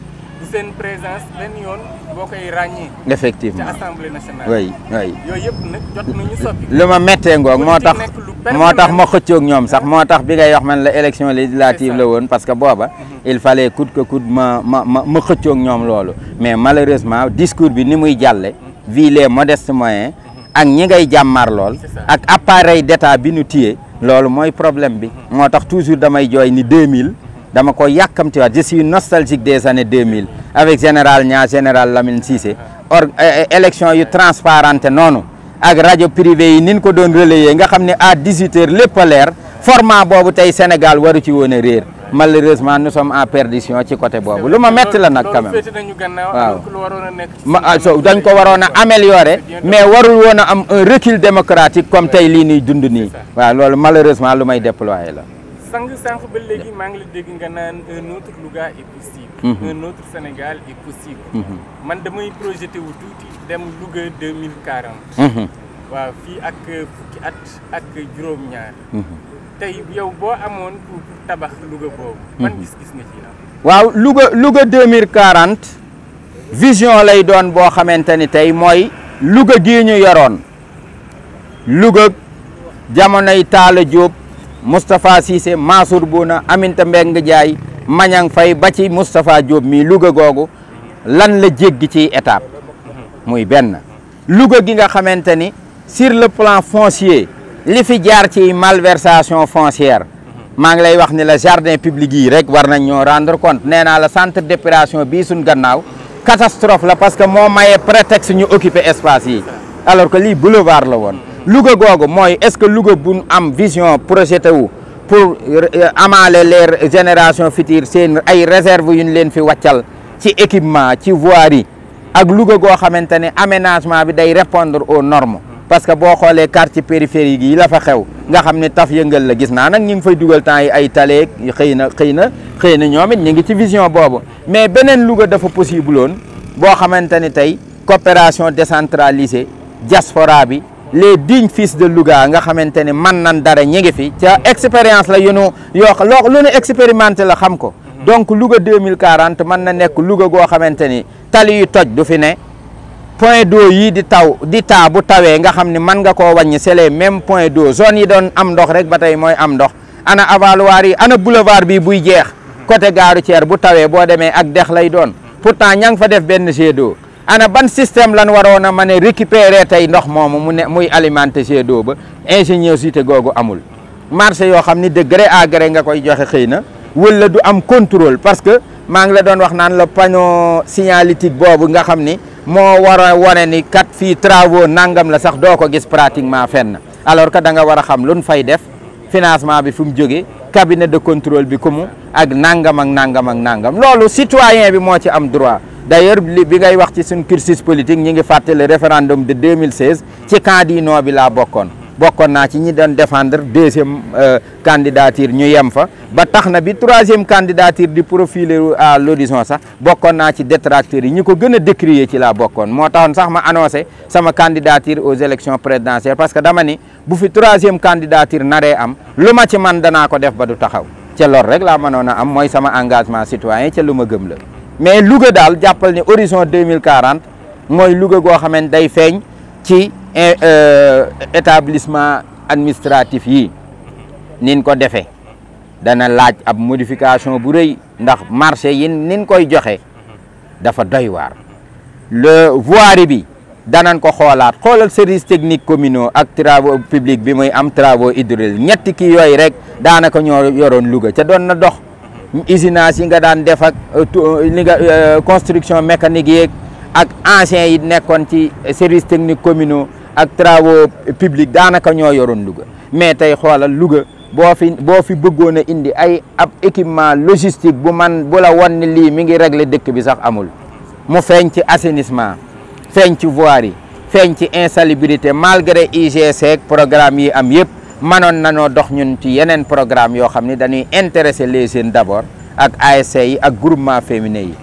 du présence benn yoon boo koy effectivement ci assemblée nationale. oui oui yooyu yëpp jot nañu soppi. luma metté ngok motax motax ma xëccoog ñom sax ah. motax bi ngay wax man la élection législative la woon parce que boba mhm. il fallait coûte que coûte ma ma ma ma xëccoog ñoom mais malheureusement discours bi ni muy jallé mhm. vu les modestes moyens. Mhm. ak ñi ngay jamar lool. ak appareil d'état bi ñu tié loolu moy problème bi. motax toujours damay joy ni 2000. dama ko yàkkamtiwaat je suis nostalgique des années 2000 avec général Niang général Lamine Cissé or eh, eh, élection yu transparente noonu ak rajo privé yi nin ko doon relayer nga xam ne à 18 heures lépp leer format boobu tey Sénégal waru ci woon a réer malheureusement nous sommes en perdition ci côté boobu lu ma metti la nag quand même waaw ma ah, so dañ ko waroon a améliorer mais warul woon a am un recul démocratique comme tey lii nuy dund nii waaw loolu malheureusement lu may déployer la sang sang bel léegi maa ngi la dégg nga naan un autre luga est possible. Mhm. un autre Sénégal est possible. Mhm. man damay projeter wu touti dem luga 2040 wa fi ak fukki at ak juróom-ñaar. Mhm. tay yow bo amone pour tabax luga bob man gis-gis nga ci am. wa luga luga 2040 vision lay doon bo xamanteni tay moy luga Louga gii ñu yoroon Louga jamonoy Talla Moustapha Cissé Mansour Bouna Aminta Mbeng Ndiaye Mañang Fay ba ci Moustapha Diop mii Louga googu lan la jéggi ci étape muy benn Louga gi nga xamante ni sur le plan foncier li fi jaar ci malversation foncière maa ngi lay wax ni la jardin public yi rek war nañ ñoo rendre compte nee naa la centre d'épuration bii suñ gannaaw catastrophe la parce que moo maye prétexte ñu occuper espace yi alors que lii boulevard la woon Louga Gogo, mooy est-ce que Louga bu am vision projeté wu pour euh, amaler les générations futures seen ay réserve yu ñu leen fi wàccal ci équipement ci voirie ak Louga goo xamante aménagement bi day répondre aux normes parce que boo les quartier périphérique yi la fa xew nga xam ne taf yëngal la gis naa nag ñu ngi fay dugal temps yi ay taleeg xëy na xëy na xëy ci vision boobu mais beneen Louga dafa possible woon boo xamante ne coopération décentralisée diaspora bi les dignes fils de Louga nga xamante man nan dara ñingi fi ci expérience la yu nu yoo loo lu ñu expérimenter la xam ko mhm. donc Louga 2040 man na nek Louga go xamante tali yu toj du fi ne point d'eau yi di taw di ta bu tawé nga xamni man nga ko wàññi c'est les mêmes point d'eau zone yi don am ndox rek batay moy am ndox ana avaloir yi ana boulevard bi buy jeex mhm. côté gare Thier bu tawé bo démé ak dex lay don mhm. pourtant ñang fa def ben jet d'eau ana ban système lan waroon a mën a récupérer tey ndox moomu mu ne muy alimenter jet ba ba ingéniosité googu amul marché yoo xam ni de gré nga koy joxe xëy na wala du am contrôle parce que maa ngi la doon wax naan le panneau signalétique boobu nga xam ni moo war a wane ni kat fii travaux nangam la sax doo ko gis pratiquement fenn alors que da nga war a xam lu fay def financement bi fu mu jógee cabinet de contrôle bi ku ak nangam ak nangam ak nangam loolu citoyen bi moo ci am droit d'ailleurs li bi ngay wax ci suñ cursus politique ñi ngi le référendum de 2016 ci candidat bi la bokkoon bokkoon naa ci ñi doon défendre deuxième euh, candidature ñu yem fa ba tax bi troisième candidature di profiler à l'horizon sax bokkoon naa ci détracteurs yi ñu ko gën a décrier ci laa sax ma annoncé sama candidature aux élections présidentielles parce que dama ni bu fi troisième candidature naree am lu ma ci man danaa ko def ba du taxaw ca lor rek laa mënoon a am mooy sama engagement citoyen ca lu gëm la mais Louga daal jàppal ni horizon deux mille quarante mooy Louga goo xamante day feeñ ci eh, euh, établissement administratif yi nin ko defee dana laaj ab modification bu rëy ndax marché yi nin koy joxe dafa doy waar le voirie bi danañ ko xoolaat xoolal service technique communaux ak travaux publics bi muy am travaux hydrauliques ñetti kii yooyu rek daanaka ñoo yoroon Louga ce doon na dox usinage yi nga daan def ak euh, euh, li nga euh, construction mécanique yeeg ak anciens yi nekkoon ci service technique communaux ak travaux publics daanaka ñoo yoroon Louga mais tey xoolal Louga boo fi boo fi bëggoon a indi ay ab équipement logistique bu man bu la wan lii mi ngi régler dëkk bi sax amul mu feeñ ci assainissement feeñ ci voirie feeñ ci insalubrité malgré UGC ak programme yi am yëpp manon nañoo dox ñun ci yenen programme yo xamni dañuy intéresser les jeunes d'abord ak ASC yi ak groupement féminin yi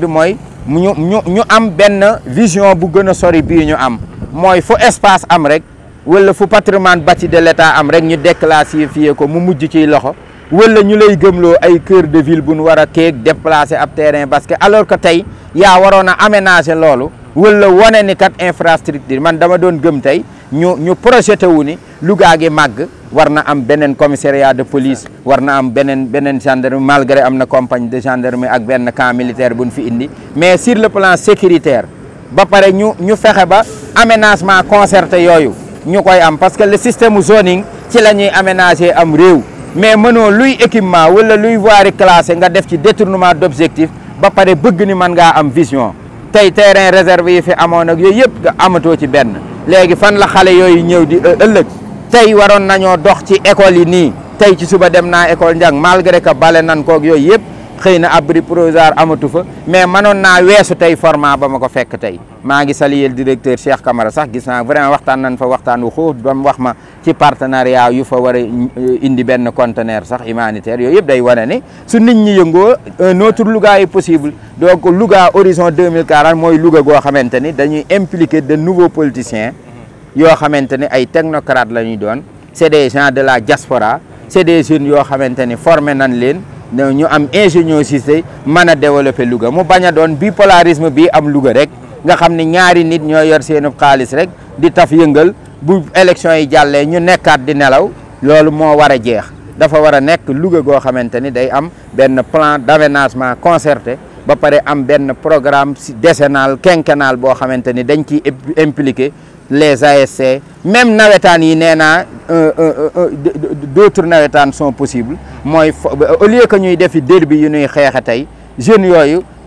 bi moy ñu ñu am benn vision bu gën sori bi ñu am moy fu espace am rek wala fu patrimoine bâti de l'État am rek ñu déclassifier ko mu mujj ci loxo wala ñu lay gëmlo ay cœur de ville bu ñu wara a déplacer ab terrain parce que alors que tay ya warona aménager lolu wala wane ni kat infrastructure man dama doon gëm tey ñu ñu projeté wu ni Louga gi màgg war na am beneen commissariat de police war na am beneen beneen gendarme malgré am na compagnie de gendarmerie ak benn camp militaire bu fi indi mais sur le plan sécuritaire ba pare ñu ñu fexe ba aménagement concerté yooyu ñu koy am parce que le système zoning ci la ñuy aménager am réew mais mënoo luy équipement wala luy voirie classée nga def ci détournement d'objectif ba pare bëgg ni mën am vision tey terrain réservé yi fi amoon ak yooyu yëpp nga amatoo ci benn léegi fan la xale yooyu ñëw di euh, ëllëg tey waroon nañoo dox ci école yi nii tey ci suba dem naa école njàng malgré que bale nan kook yooyu yëpp xëy na abri provisoire amatu fa mais mënoon naa weesu tey format ba ma ko fekk tey maa ngi saliyel directeur Cheikh Camara sax gis naa vraiment waxtaan nañ fa waxtaan wu xóot ba wax ma ci partenariat yu fa war a indi euh, benn conteneur sax humanitaire yooyu yëpp day wane ni su nit ñi yëngoo un autre Louga est possible donc Louga horizon 2040 mooy Louga goo xamante ni dañuy impliquer de nouveaux politiciens yoo xamante ni ay technocrates la ñuy doon c'est des gens de la diaspora c'est des jeunes yoo xamante ni formé nañ leen ñu am ingéniosité mën a développé Louga mu bañ a doon bipolarisme bi am Louga rek nga xam ni ñaari nit ñoo yor seenub xaalis rek di taf yëngal bu élection yi jàllee ñu nekkaat di nelaw loolu moo war a jeex dafa war a nekk Louga goo xamante ni day am benn plan d'aménagement concerté ba pare am benn programme desenal quinquennal boo xamante ni dañ ciy impliqué les ASC même dans les euh, euh, euh, d'autres sont possibles au lieu que defi derby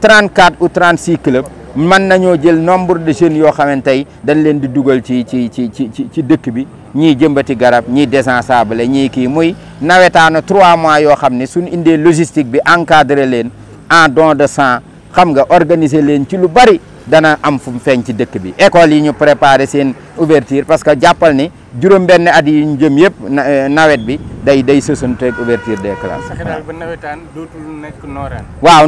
34 ou 36 clubs Man nañoo jël nombre de jeunes yo xamante dañ dugal ci ci ci ci ci dëkk bi Ni jembati garab ni ni muy 3 mois yo bi encadré en don de sang xam organiser leen dana am fu mu feeñ ci dëkk bi école yi ñu préparé seen ouverture parce que jàppal ni juróom benn at yi ñu jëm yëpp euh, nawet bi day day sësanteeg ouverture des classes. sax daal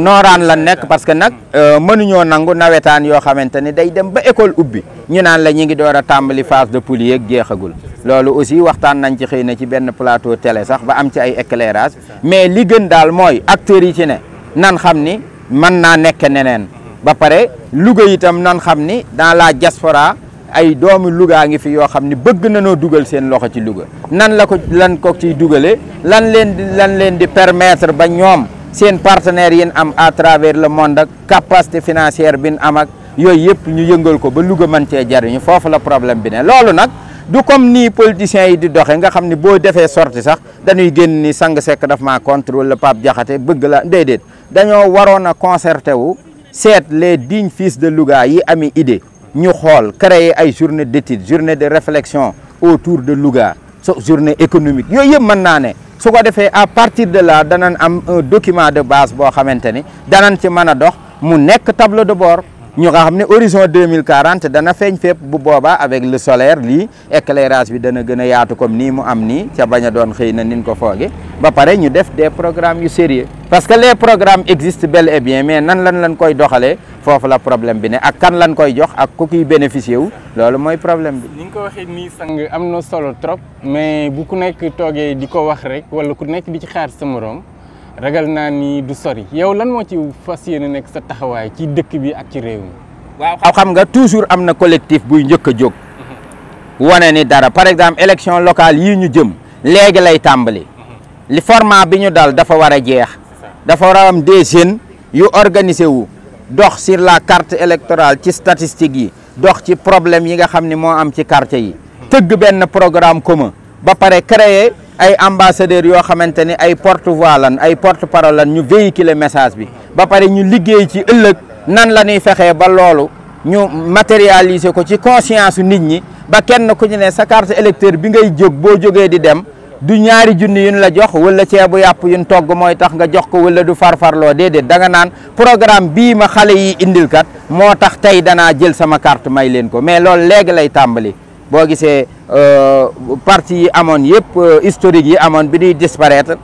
nooraan. la nekk parce que nag euh, mënuñoo nangu nawetaan yoo xamante ne day dem ba école ubbi ñu naan la ñu ngi door a tàmbali phase de poulie yeeg jeexagul loolu aussi waxtaan nañ ci xëy na ci benn plateau télé sax ba am ci ay éclairage mais li gën daal mooy acteurs yi ci ne nan xam ni mën naa nekk neneen. ba pare Louga itam nan xam ni dans la diaspora ay doomu Louga ngi fi yoo xam ni bëgg nanoo dugal seen loxo ci Louga nan la ko lan ko ciy dugalee lan leen di lan leen di permettre ba ñoom seen partenaires yin am à travers le monde ak capacité financière bin am ak yooyu yëpp ñu yëngal ko ba Louga mën cee jariñu foofu la problème bi ne loolu nag du comme nii politiciens yi di doxee nga xam ni boo defee sorti sax dañuy génn ni sang sekk daf maa contrôle la Pape Diakhaté bëgg la déedéet dañoo waroon a concerté wu C'est les dignes fils de Louga yi une idée ñu avons créer une journée d'étude journée de réflexion autour de Louga une journée économique Ce yëpp maintenant ce à partir de là ils am un document de base pour xamante ni un ci tableau de bord ñu nga xam horizon 2040 dana feeñ fépp bu boobaa avec le solaire lii éclairage bi dana gën a yaatu comme ni mu am nii ca bañ a doon xëy na nin ko fooge ba pare ñu def des programmes yu sérieux parce que les programmes existent bel et bien mais nan lan lan koy doxalee foofu la problème bi ne ak kan lan koy jox ak ku kiy bénéficier wu loolu mooy problème bi. ni ko waxee nii sang amno na solo trop mais bu ku nekk toogee di ko wax rek wala ku nekk di ci xaar sa morom ragal na ni du sori yow lan mo ci fas nek sa taxaway ci dëkk bi ak ci réew waaw xam nga toujours amna collectif buy njëkk jog jóg. Mhm. ni dara par exemple élection locale yi ñu jëm léegi lay tambali mhm. li format bi ñu dal dafa wara jeex. dafa wara am des jeunes yu organiser wu dox sur la carte électorale ci statistiques yi dox ci problème yi nga xamni mo am ci quartier yi. Mhm. teug ben programme commun ba paré créer. ay ambassadeurs yoo xamante ne ay porte-voix lan ay porte-parole lan ñu véhiculer message bi ba pare ñu liggéey ci ëllëg nan la ñuy fexee ba loolu ñu matérialiser ko ci conscience nit ñi ba kenn ku ñu ne sa carte électeur bi ngay jóg boo jógee di dem du ñaari junni yu la jox wala ceebu yàpp yu ñu togg mooy tax nga jox ko wala du farfarloo déedéet da nga naan programme bii ma xale yi indil kat moo tax tey danaa jël sama carte may leen ko mais loolu léegi lay tàmbali. boo euh parti amone amoon euh, historique yi amone bi di disparaître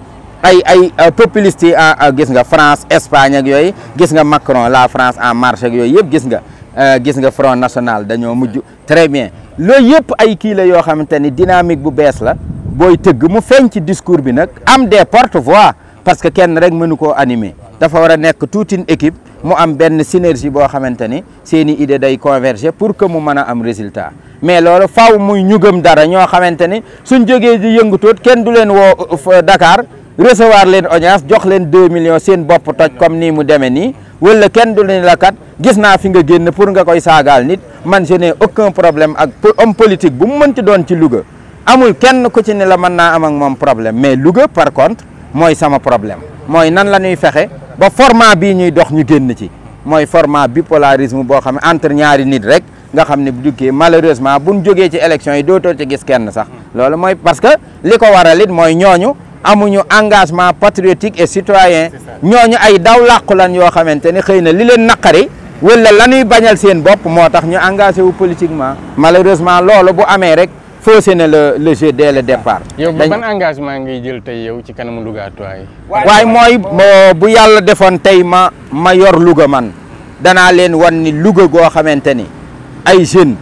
ay ay euh, populistes yi ah, ah, gis nga France Espagne ak yoy gis nga Macron la France en marche ak yoy yëpp gis nga euh, gis nga Front National daño mujj très bien lo yëpp ay ki la yo xamante dynamique bu bees la boy teug mu feeñ ci discours bi nak am des porte-voix parce que kenn rek mënu ko animer dafa war a nekk toute une équipe mu am sinergi synergie bo xamanteni ni seen idée day converger pour que mu meuna am résultat mais lolu faaw muy ñu dara ño xamanteni suñu joggé di yëngutoot kèn du leen wo euh, Dakar recevoir leen audience jox leen 2 millions seen bop toj comme ni mu démé ni wala kèn du leen la kat gis na fi nga génn pour nga koy sagal nit man je n'ai aucun problème ak homme politique bu mu ci doon ci Louga amul kèn ku ci ne la mën naa am ak mom problème mais Louga par contre moy sama problème. mooy nan la ñuy fexe ba format bii ñuy dox ñu génn ci mooy format bipolarisme boo xam ne entre ñaari nit rek nga xam ne bu duggee malheureusement buñ jógee ci élection yi dootoo ci gis kenn sax loolu mooy parce que li ko waral it mooy ñooñu amuñu engagement patriotique et citoyen ñooñu ay daw làqu lan yoo xamante ne xëy na li leen naqari wala la ñuy bañal seen bopp moo tax ñu engagé wu politiquement malheureusement loolu bu amee rek faussé na le le jeu dès le départ. yow ban engagement ngay jël tey yow ci kanam Louga Toit waaye mooy bu yàlla defoon tey ma ma yor Louga man danaa leen wan ni Louga goo xamante ni ay jeunes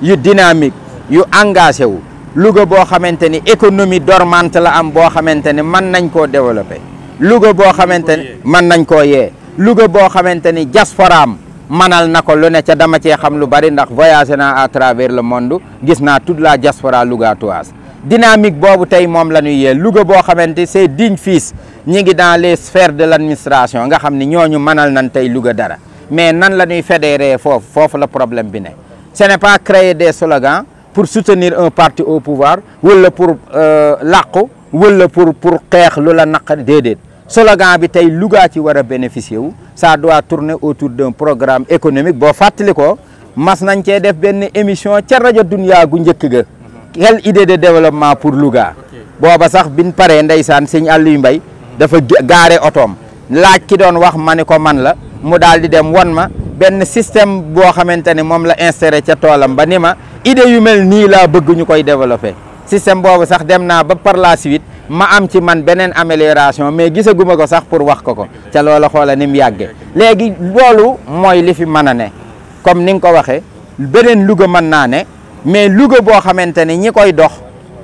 yu dynamique yu engagé wu Louga boo xamante ni économie dormante la am boo xamante ni mën nañ koo développé Louga boo xamante ni mën nañ ko yee Louga boo xamante ni diasporaam manal na ko lu ne ca dama ci xam lu bari ndax voyager na à travers le monde gis na toute la diaspora lougatoise dynamique bobu tay mom la ñuy yee Louga bo xamante c'est digne fils ñi ngi dans les sphères de l'administration nga xamni ñoñu manal nan tay tey Louga dara mais nan la ñuy fédérer foofu foofu la problème bi ne ce n'est pas créer des slogans pour soutenir un parti au pouvoir wala pour euh, làqu wala pour pour xeex lu la naqari déedéet slogan bi tey Louga ci war a bénéficier wu ça doit tourner autour d'un programme économique boo fàttali ko mas nañ cee def benn émission ca rajo Dunia gu njëkk ga quelle idée de développement pour Louga booba sax bin paree ndeysaan sëñ Aliou mbay dafa gaare otoom laaj ki doon wax ma ne ko man la mu daal di dem won ma benn système boo xamante ne moom la installé ca toolam ba ni ma idée yu mel nii laa bëgguñu koy développé système boobu sax dem naa ba par la suite ma am ci man beneen amélioration mais gisaguma ko sax pour wax ko ko ca loola xoola ni mu yàggee léegi loolu mooy li fi mën a ne comme ni nga ko waxee beneen Louga mën naa ne mais Louga boo xamante ni ñi koy dox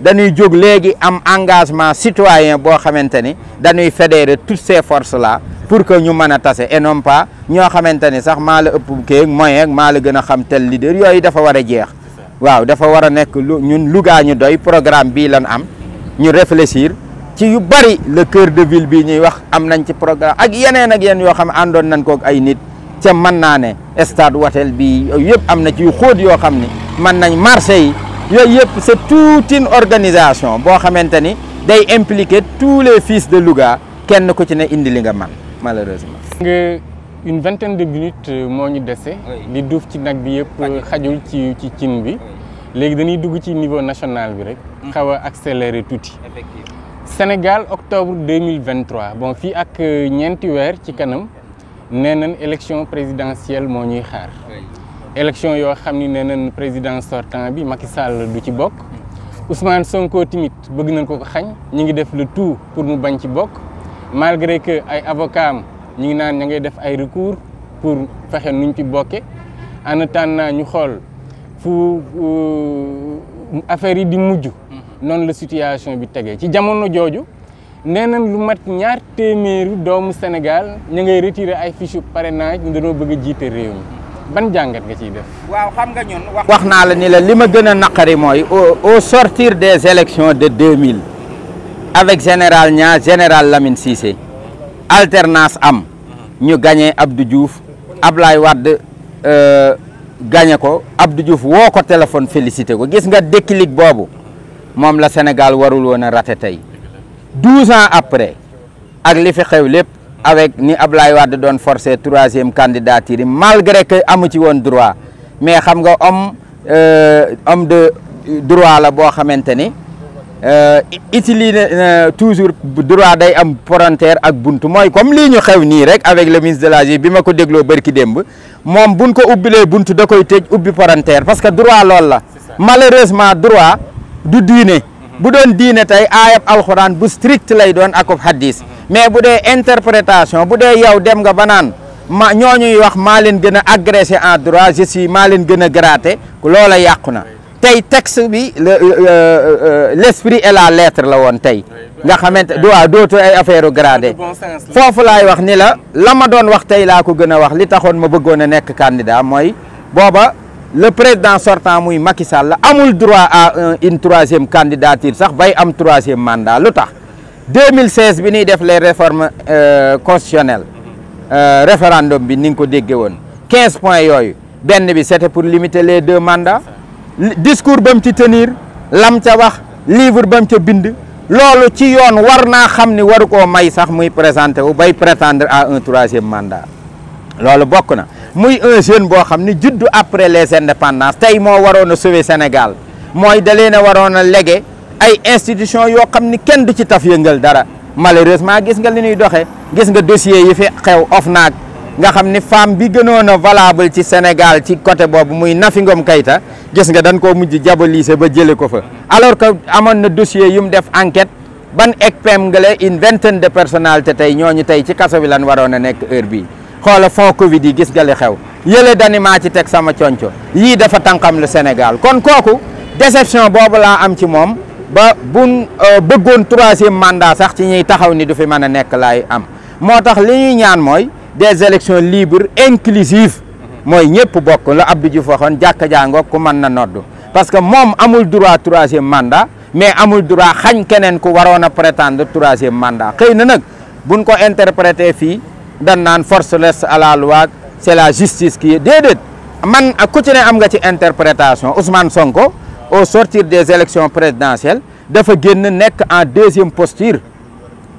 dañuy jóg léegi am engagement citoyen boo xamante ni dañuy fédérer toutes ces forces la pour que ñu mën a tase et non pas ñoo xamante ni sax maa la ëpp kéeg moyen maa la gën a xam tel leader yooyu dafa war a jeex waaw dafa war a lu ñun ñu doy programme bii am ñu réfléchir ci yu le cœur de ville bii ñuy wax am nañ ci programme ak yeneen ak yeneen yoo xam àndoon nañ ay nit yu ni marché c'est toute une organisation boo xamante impliquer tous les fils de Louga kenn ku ci ne malheureusement une vingtaine de minutes euh, moñu déssé li douf ci nak bi yëpp xajul ci ci cin bi. légui dañuy dugg ci niveau national bi rek. Mm. xawa accélérer Sénégal octobre 2023.. bon fi ak euh, ñeenti weer ci kanam nee élection présidentielle moñuy xaar. élection yo xamni ni nañ président sortant bi Macky Sall du ci bok Ousmane Sonko timit bëgg nañ ko xagn ñi ngi def le tout pour mu bañ ci bok malgré que ay avocats ñu ngi naan ña ngay def ay recours pour fexe nuñ ci bokke en naa ñu xool fu affaire yi di mujj. Mhm. noonu la situation bi tegee ci jamono jooju nee nañ lu mat ñaar téeméeri doomu Sénégal ñu ngay retiré ay fiches naa ñu dañoo bëgg a réew mi ban jàngat nga ciy def. waaw xam nga ñun wax. naa la ni la li ma gën a naqari mooy au sortir des élections de 2000 avec général Niang général Lamine Cissé alternance am ñu gagné Abdou Diouf Ablaye euh, gagné ko Abdou Diouf woo ko téléphone félicité ko gis nga déclic bobu mom la Sénégal warul wona raté tay douze ans après ak li fi xew lépp avec ni Ablaye Wad doon forcer troisième candidature malgré que amu ci won droit mais xam nga homme euh, homme de droit la bo xamanteni utiliser euh, toujours droit day am frontière ak bunt mooy comme lii ñu xew nii rek avec le ministre de la justice bi ma ko dégloo bërki démb moom buñ ko ubbilee bunt da koy tëj ubbi frontière parce que droit loolu la malheureusement droit du diine mhm. bu doon diine tey aayab alxuraan bu strict lay doon akub hadis mhm. mais bu dee interpretation bu dee yow dem nga ba naan ma ñooñuy wax maa leen gën a agressé en droit je suis maa leen gën a gratté loola yàqu na tay texte bi euh, l'esprit et la lettre la won tay nga xamanté waaw dootu ay affaire gradé fofu lay wax ni la lama don wax tay la ko gëna wax li taxone ma bëggone nek candidat moy boba le président sortant muy Macky Sall amul droit à une troisième candidature sax bay am troisième mandat lutax 2016 bi ni def les réformes euh, constitutionnelles euh, référendum bi ni nga ko 15 points yooyu benn bi c'était pour limiter les deux mandats discours bam ci tenir lam ca wax livre bam ci bind lolu ci yoon warna xamni war ko may sax muy présenter ou bay prétendre à un troisième mandat lolu bokk muy un jeune bo xamni ni après les indépendances tay mo waroon a sauver Sénégal moy da leen a légué ay institution yo xamni kenn du ci taf dara malheureusement gis nga li ñuy doxee gis nga dossier yi fi xew nga xam ni femme bi gënoon a valable ci Sénégal ci côté boobu muy Nafi Ngom Keïta gis nga dañ koo mujj diaboliser ba jëlee ko fa alors que amoon na dossier yu mu def enquête ban épinglé une vingtaine de personnalités tey ñooñu tey ci kaso bi lan waroon a nekk heure bii xoola fond Covid yi gis nga li xew yële danimaa ci teg sama conco yii dafa tànqam le Sénégal kon kooku déception boobu laa am ci moom ba buñ euh, bëggoon troisième mandat sax ci ñuy taxaw ni du mën a nekk laay am moo tax li ñuy ñaan mooy des élections libres inclusives mooy ñëpp bokk la Abdou Diouf waxoon jàkka jàngoo na parce que moom amul droit troisième mandat mais amul droit xañ keneen ku waroon de prétendre troisième mandat Si vous interprétez buñ ko interprété fii dan force à la loi c'est la justice qui est, man ku ci ne am interprétation Ousmane Sonko au sortir des élections présidentielles dafa génn nek en deuxième posture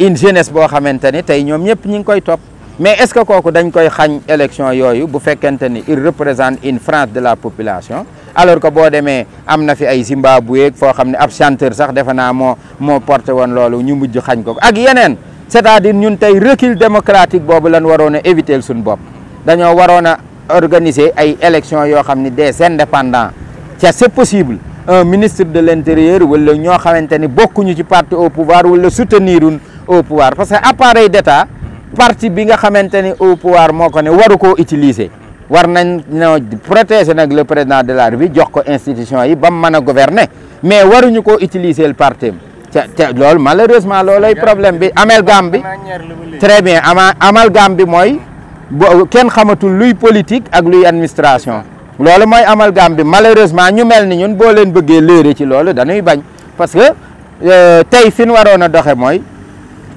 une jeunesse boo xamante ni tey ñoom ñëpp ñi ngi koy topp mais est-ce que kooku dañ koy xañ élection yooyu bu fekkente ni il représente une France de la population alors que boo demee am na fi ay Zimbabwe foo xam ne ab chanteur sax defe naa moo moo porté woon loolu ñu mujj xañ ko ak yeneen c'est-à-dire ñun tey recul démocratique boobu lañ waroon a éviter suñu bopp dañoo waroon a organiser ay élections yoo xam ni des indépendants ca c'est possible un ministre de l'intérieur wal ñoo xamante ni bokkuñu ci parti au pouvoir wala soutenir au pouvoir parce que appareil d'État, parti bi nga xamante au pouvoir il ne waru pas utiliser war nañ protéger le président de la République jox ko institution yi ba mu gouverner mais waruñu utiliser le parti malheureusement c'est le malheureusement loolay problème bi amalgame bi très bien amalgame bi mooy bo kenn xamatul luy politique ak luy administration loolu mooy amalgame bi malheureusement ñu mel ni ñun boo leen bëggee léere ci dañuy parce que euh, tey fi ñu waroon a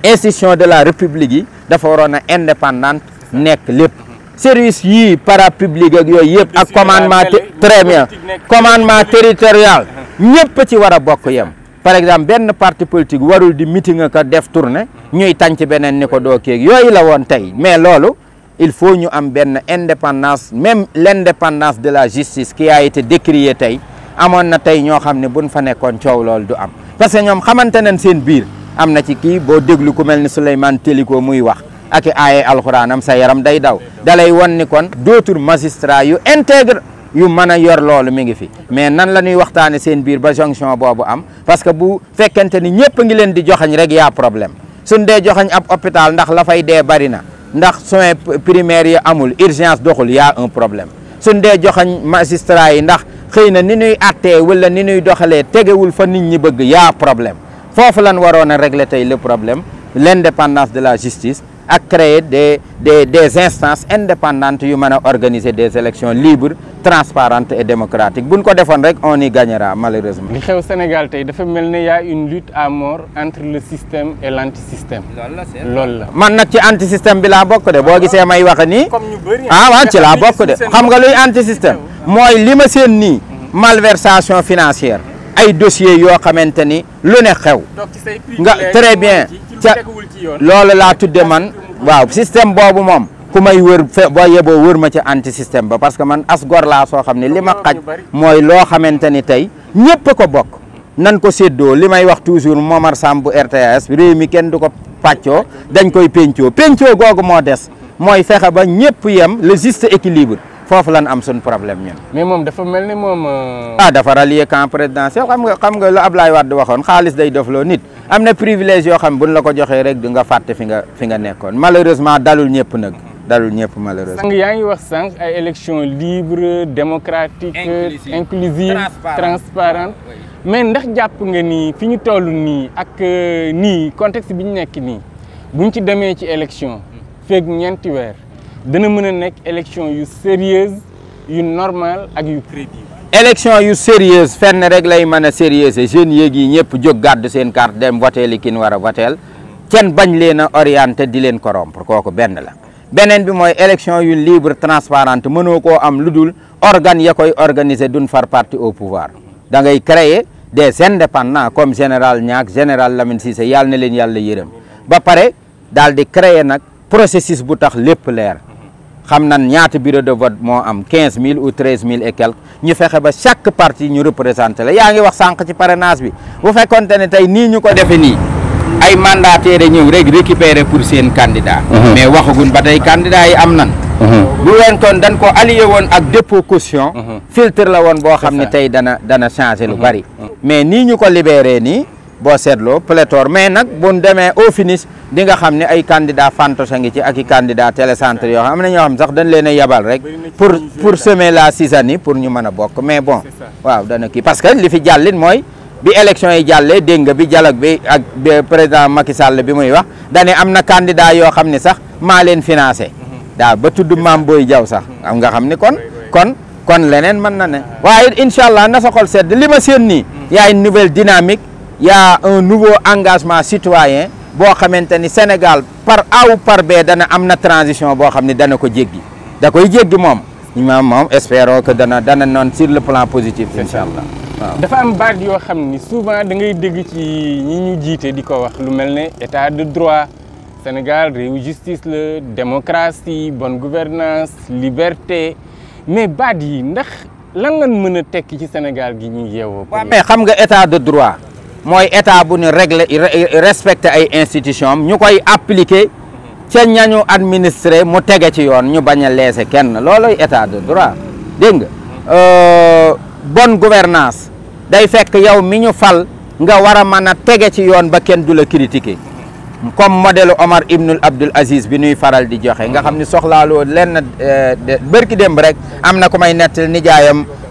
institution de la république yi dafa waroon a indépendante nekk lépp service yii parapublic ak yooyu yëpp ak commandement très bien commandement territorial ñëpp ci war a bokk yam par exemple benn parti politique warul di meeting ak a def tournée ñuy tànc beneen ni ko doo kéeg yooyu la woon tey mais loolu il faut ñu am benn indépendance même l' indépendance de la justice qui a été décriée tey amoon na tey ñoo xam ne buñ fa nekkoon coow loolu du am parce que ñoom xamante nañ seen biir am na ci kii boo déglu ku mel ni Souleymane ko muy wax ak i aaye alxuraanam sa yaram day daw dalay wan ni kon d'autres magistrats yu intègre yu mën a yor loolu mi ngi fi mais nan la ñuy waxtaane seen biir ba jonction boobu am parce que bu fekkente ni ñëpp ngi leen di joxañ rek yaa problème suñ dee joxañ ab hôpital ndax la fay dee bari na ndax soins primaires yi amul urgence doxul yaa un problème suñ dee joxañ magistrats yi ndax xëy na ni ñuy attee wala ni ñuy doxalee tegewul fa nit ñi bëgg yaa problème Sauf lan waroon régler le problème l'indépendance de la justice à créer des des des instances indépendantes yu organiser des élections libres transparentes et démocratiques buñ ko défend rek on y gagnera malheureusement. Au xew Sénégal il y a une lutte à mort entre le système et l'antisystème. L'ol la man nag ci antisystème bi laa bokk de boo gisee may wax nii. Hein. ah waaw ci laa bokk de xam nga luy anti-système, li ma seen nii. malversation financière. ay dossiers yoo xamante ni lu ne xew nga très bien ca loolu laa tudde man waaw système boobu moom ku may wër ba yeboo wër ma ci anti système ba parce que man as gor laa soo xam ne li ma xaj mooy loo xamante ni tey ñëpp ko bokk nan ko séddoo li may wax toujours Momar Samb bu RTS réew mi kenn du ko pàccoo dañ koy pencoo pencoo googu moo des mooy fexe ba ñëpp yem le juste équilibre foofu lan am suñ problème ñun. mais mom dafa melni mom euh, ah dafa rallier camp présidentiel xam nga xam nga lu Ablaye wad waxone xaalis day lo nit am privilège yo xam buñ la ko joxé rek du nga faté fi nga fi nga nekkoon malheureusement dalul ñëpp nak dalul ñëpp malheureusement. sang yaa wax sànq ay élections libres démocratiques. inclusives transparentes mais ndax japp nga ni fi ñu toll ak euh, ni contexte bi ñu nekk nii buñ ci démé ci élection. Mm. fek ñenti weer. dana mën a nekk élection yu sérieuse yu normal ak yu crédible. élection yu sérieuse fenn rek lay mën a sérieuse jeunes yeeg yi ñëpp jóg gàddu seen carte dem voté li ki ñu war a kenn bañ leen a orienté di leen corrompre kooku benn la. beneen bi mooy élection yu libre transparente mënoo ko am lu dul organe ya koy organiser dun far parti au pouvoir da ngay créer des indépendants comme général ñaak général Lamine Cissé yàlla na leen yàlla yërëm ba pare daal di créer nag processus bu tax lépp leer. xam nan ñaata bureau de vote moo am 15000 ou 13000 et quelques ñu fexe ba chaque parti ñu représenté la yaa ngi wax sànq ci parrainage bi bu fekkonte ne tey nii ñu ko defee nii ay mandataires ñëw rek récupérer pour seen candidat. Mhm. mais waxagun ba tey candidat yi am nan. Mhm. bu leen kon dañ ko allié woon ak dépôt caution. Mhm. filtre la woon boo xam ne tey dana dana changé lu bari. mais nii ñu ko libéré nii. boo seetloo pléthore mais nag bu ñu demee au finish di nga xam ne ay kandida fantoche a ci ak i candidat télécentre yoo xam am na ñoo xam sax dañ leen a yabal pour pour semer la zizanie pour ñu mën a bokk mais bon waaw dana parce que li fi jàllit mooy bi élection yi jàllee dégg nga bi dialogue bi ak président Macky Sall bi muy wax dane am na candidat yoo xam ne sax maa leen financé mhm. daa ba tudd maam booy jaw sax mhm. am nga xam ne kon kon kon leneen mën na ne waaye incha allah na sa xol sedd li ma seen nii mhm. yaay nouvelle dynamique y a un nouveau engagement citoyen boo xamante ni Sénégal par A ou par B dana am transition boo xam ni dana ko jéggi da koy jéggi moom moom moom espérons que dana dana noon sur le plan positif incha allah waaw dafa am baat yoo souvent da ngay dégg ci ñi ñu jiite di ko wax lu mel ne état de droit Sénégal réew justice la démocratie bonne gouvernance liberté mais baat yi ndax lan lan mën a tekki ci Sénégal gi ñu yeewoo waaw mais xam nga état de droit mooy état bu ñu régler respecter ay institution ñu koy appliquer ca ñañu administrer mu tege ci yoon ñu bañ a leese kenn looloy état de droit dégg nga euh, bonne gouvernance day fekk yow mi ñu fal nga war a mën a tege ci yoon ba kenn du la critiquer comme modèle Omar Ibnul Abdul Aziz bi nuy faral di joxe nga xam ni soxlaaloo lenn euh, bërki démb rek am na ku may nettali nijaayam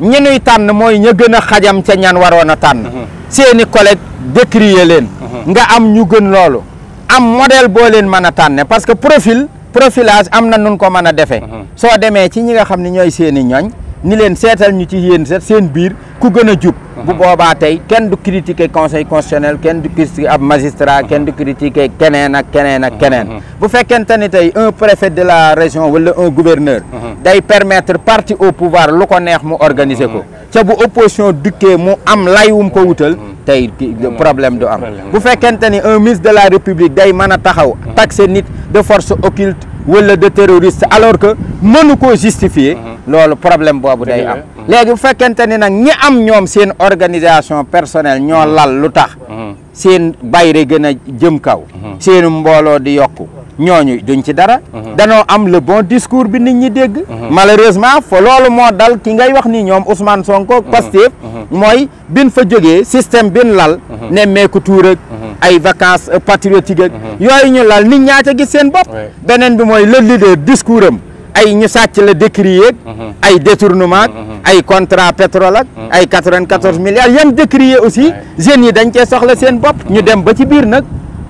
ñi nuy tànn mooy ña gën a xajam ca ñan waroon a tànn mhm. seeni collègue décrier leen mhm. nga am ñu gën loolu am modèle boo leen mën a tànne parce que profil profilage am na nun ko mën a defee mhm. soo demee ci ñi nga xam ni ñooy seeni ñooñ ni leen seetal ñu ci yéen set seen biir ku gën a jub bu mm-hmm. boobaa tey kenn du critiquer conseil constitutionnel kenn du critiquer ab magistrat kenn du mm-hmm. critiquer keneen ak keneen ak faites mm-hmm. bu un préfet de la région ou un gouverneur day permettre parti au pouvoir lu ko neex mu organiser ko ca bu opposition dukkee mu am laywum ko wutal tey problème de am bu fekkente ni un ministre de la république day mën taxe nit de forces occultes ou de terroristes alors que mënu koo justifier le problème boobu day am léegi bu fekkente ni nag ñi am ñoom seen organisation personnel ñoo mm. lal lu tax mm. seen bayre gën a jëm kaw mm. seen mbooloo di yokku ñooñu duñ ci dara danoo am le bon discours bi nit ñi dégg malheureusement fa loolu moo dal ki ngay wax ni ñoom Ousmane Sonko Pastef mooy bin fa jógee système bin lal nemmeeku tuur ak ay vacances euh, patriotiques ak yooyu ñu lal nit ñaa ca gis seen bopp beneen bi mooy le leader discours am ay ñu sàcc la décret mhm. ay détournement mhm. ay contrat pétrole mhm. ay 94 milliards yan décrier aussi jeunes yi dañ ci soxla seen bop ñu dem ba ci biir nag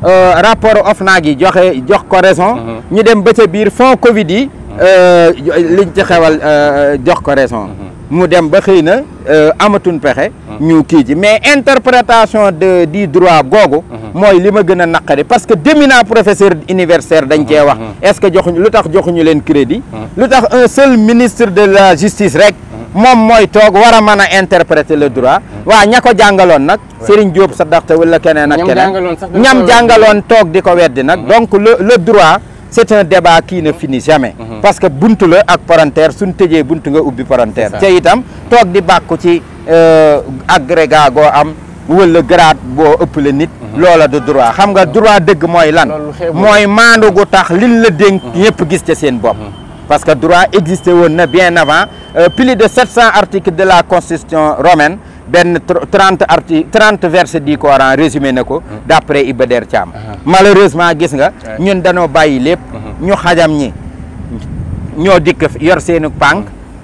euh, rapport ofna gi joxe jox ko raison ñu dem ba ci biir fond Covid yi euh, liñ ci xewal euh, jox ko raison mu dem ba xëy na euh, amatuñ pexe. Ah. ñu kii mais interprétation de du droit gogo ah. moi il ma gën a parce que d'éminents professeur universitaire dañ cee ah. wax. est-ce que joxuñu lu tax joxuñu leen crédit. lu un seul ministre de la justice rek. moom moi toog war a interpréter le droit. wa ña ko jàngaloon nag. Serigne Diop sa daxte wala keneen ak keneen. ñam jàngaloon toog di ko weddi donc le le droit c'est un débat qui ne mhm. finit jamais. Mhm. parce que buntu le ak parenthèse sun teje buntu nga ubbi parenthèse. te itam tok di bàkku ci euh, agrégat go am wala grade bo ëpp le nit. Mhm. lola de droit xam nga droit dëgg mooy lan. mooy maandu gu tax liñ la dénk. yep gis parce que droit existé na bien avant euh, plus de 700 articles de la constitution romaine. Ben 30 arti 30 versets du Coran résumé d'après avons Der malheureusement gis nga ñun danoo Nous lepp mhm. ñu xajam ñi ñoo dikk yor seenu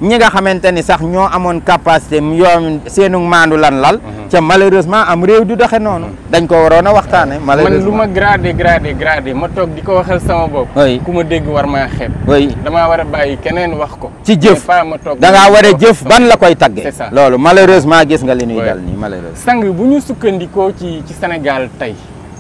ñi nga xamanteni sax ñoo amone capacité yoom seenu mandu lan lal mhm. ca malheureusement am rew du doxé noonu mhm. dañ ko warona waxtane malheureusement man luma gradé gradé gradé ma tok diko waxal sama bop kuma dégg war ma xeeb dama wara bayyi a keneen wax ko ci jëf da nga wara jëf ban la koy taggé lolu malheureusement gis nga li ñuy dal ni malheureusement sang bu ñu sukkandikoo ci ci Sénégal tay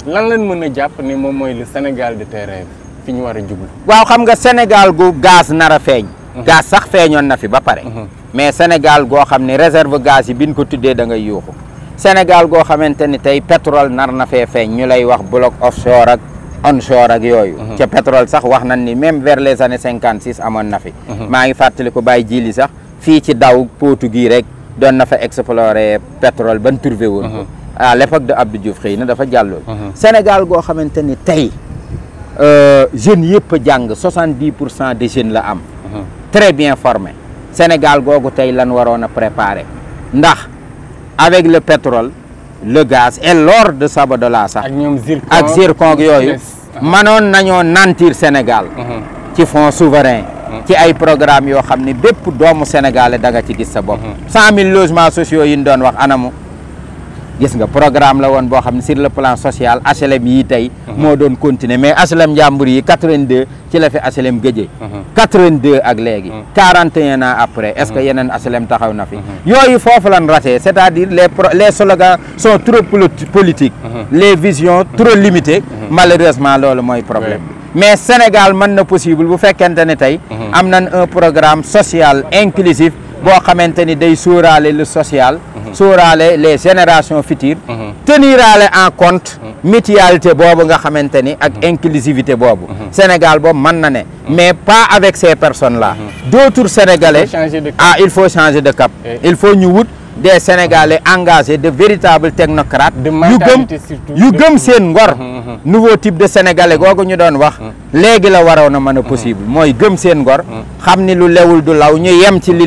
lan lañ mëna japp jàpp mom moy le Sénégal de tes rêves fi ñu war jublu waaw xam nga Sénégal gu gaz nara feñ Mhm. gaz sax feeñoon na fi ba paré mhm. mais Sénégal go xamné réserve gaz yi biñ ko tuddé da ngay yuuxu Sénégal go xamante tay pétrole nar na fee feeñ ñu lay wax bloc offshore ak onshore ak yooyu mhm. ci pétrole sax wax nañ ni même vers les années 56 amon amoon na fi maa ngi fàttali ko bàyyi jili sax fi ci daw pootu rek doon na fa explorer pétrole ban trouvé woon à l'époque de Abdou Diouf xëy dafa jallo Sénégal go xamante tay euh jeune yépp a 70% des jeunes la am très bien Le Sénégal googu tey lan waroon a préparer ndax avec le pétrole le gaz et l'or de Sabodala sax. ak ñoom zircon ak zircon yooyu. nantir Sénégal. Mhm. ci fonds souverain. Mhm. ci ay programme yoo xam ne bépp doomu sénégalais da nga ci gis sa 000 100000 mhm. logements sociaux yi ñu anamu gis nga programme la won bo sur le plan social HLM yi tay uh-huh. mo doon continuer mais HLM Jambour yi 82 ci la fi HLM gëjee 82 uh-huh. ak légui 41 uh-huh. ans après est-ce que yenen HLM taxaw na fi yooyu fofu lan raté c'est-à-dire les les slogans sont trop politiques les visions trop limitées malheureusement loolu moy problème mais Sénégal mën na possible bu fekkente ne tay un programme social inclusif bo xamante day sóoraale le social sur les générations futures mhm. tenir en compte mhm. mutualité boobu nga l'inclusivité mhm. Sénégal est mais pas avec ces personnes là d'autres Sénégalais ah il faut changer de cap il faut des Sénégalais engagés de véritables technocrates Il mentalité yu gëm nouveau type de Sénégalais quoi ñu doon wax léegi la waroon possible mooy gëm seen ngor Sénégalais ni lu lewul du law ñu yem ci li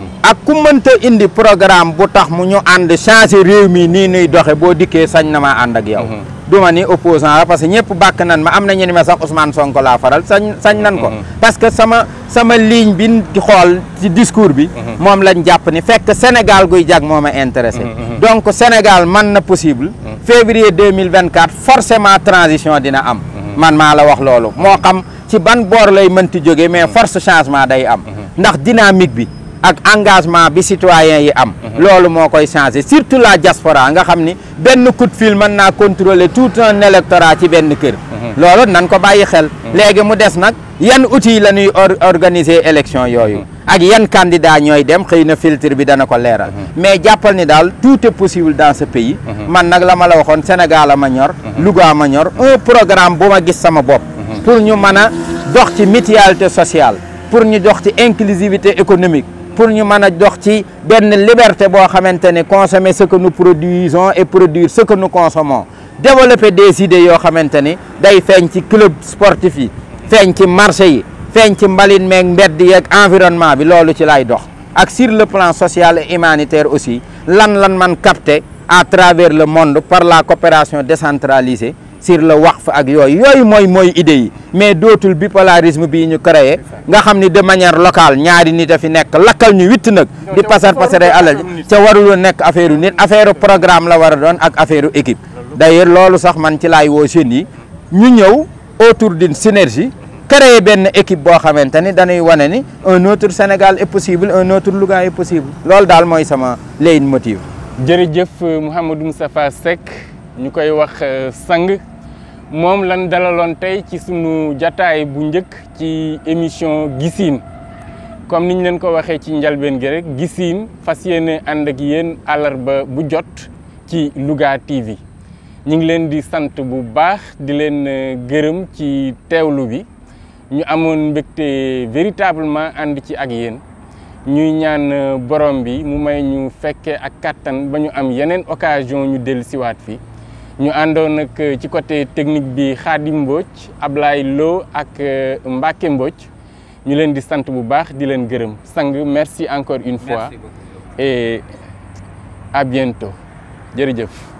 ak ku indi programme bu tax mu ñu ànd changer réew mi nii nuy doxe boo dikkee sañ na maa ak yow mhm. duma ni opposant la parce que ñëpp bak nan ma am na ñu ma sax Ousmane Sonko la faral sañ sañ nan ko mhm. parce que sama sama ligne bi xol ci discours bi mhm. moom lañ japp ni fekk Sénégal guy jag moma intéressé donc Sénégal man na possible février 2024 forcément transition dina am man ma la wax lolu mo xam ci ban bor lay mënti joggé mais force changement day am ndax dynamique bi ak engagement bi citoyen yi am mhm. lolu mo koy changer surtout la diaspora nga xamni ben coup de fil man na contrôler tout un électorat ci ben keur mhm. lolu nan ko bayyi xel mhm. léegi mu dess nak yan outil lañuy organiser élection yoyu ak yan candidat ñoy dem xeyna filtre bi dana ko leeral mais jàppal ni dal tout est possible dans ce pays man nak lama la waxoon Sénégal a ma ñor Louga ma ñor un programme buma ma gis sama bop pour ñu mëna dox ci mutualité sociale pour ñu dox ci inclusivité économique pour nous nous avons dox liberté pour consommer ce que nous produisons et produire ce que nous consommons développer des idées pour faire des day sportifs, ci club sportif faire un ci marché faire un ci mbedd environnement sur le plan social et humanitaire aussi nous lan capter à travers le monde par la coopération décentralisée sur le waqf ak yooyu yooyu mooy mooy idée yi mais dootul bipolarisme bii ñu créé nga xam ni de manière local ñaari nit a fi nekk lakkal ñu witt nag di pasar pasare alal ca warul nekk affaire nit affaire programme la war a doon ak affaire équipe d'ailleurs loolu sax man ci laay woo jeunes yi ñu ñëw autour du synergie créer benn équipe boo xamante ni dañuy wane ni un autre Sénégal est possible un autre Louga est possible loolu daal mooy sama leitmotiv jërëjëf Mouhamadou Moustapha Seck ñu koy wax euh, sang moom lan dalaloon tey ci suñu jataay bu njëkk ci émission gisiin comme niñ leen ko waxee ci njalbeen gi rek gisiin fas yéene ànd ak yéen ba bu jot ci Louga TV ñu ngi leen di sant bu baax di leen euh, gërëm ci teewlu bi ñu amoon mbégte véritablement ànd ci ak yéen ñuy ñaan euh, borom bi mu may ñu fekkee ak kàttan ba ñu am yeneen occasion ñu dellu siwaat fii ñu àndoon nag euh, ci côté technique bi Khadim Mbodj Ablaye Lo ak euh, Mbacke Mbodj ñu leen di sant bu baax di leen gërëm sang merci encore une fois et à jërëjëf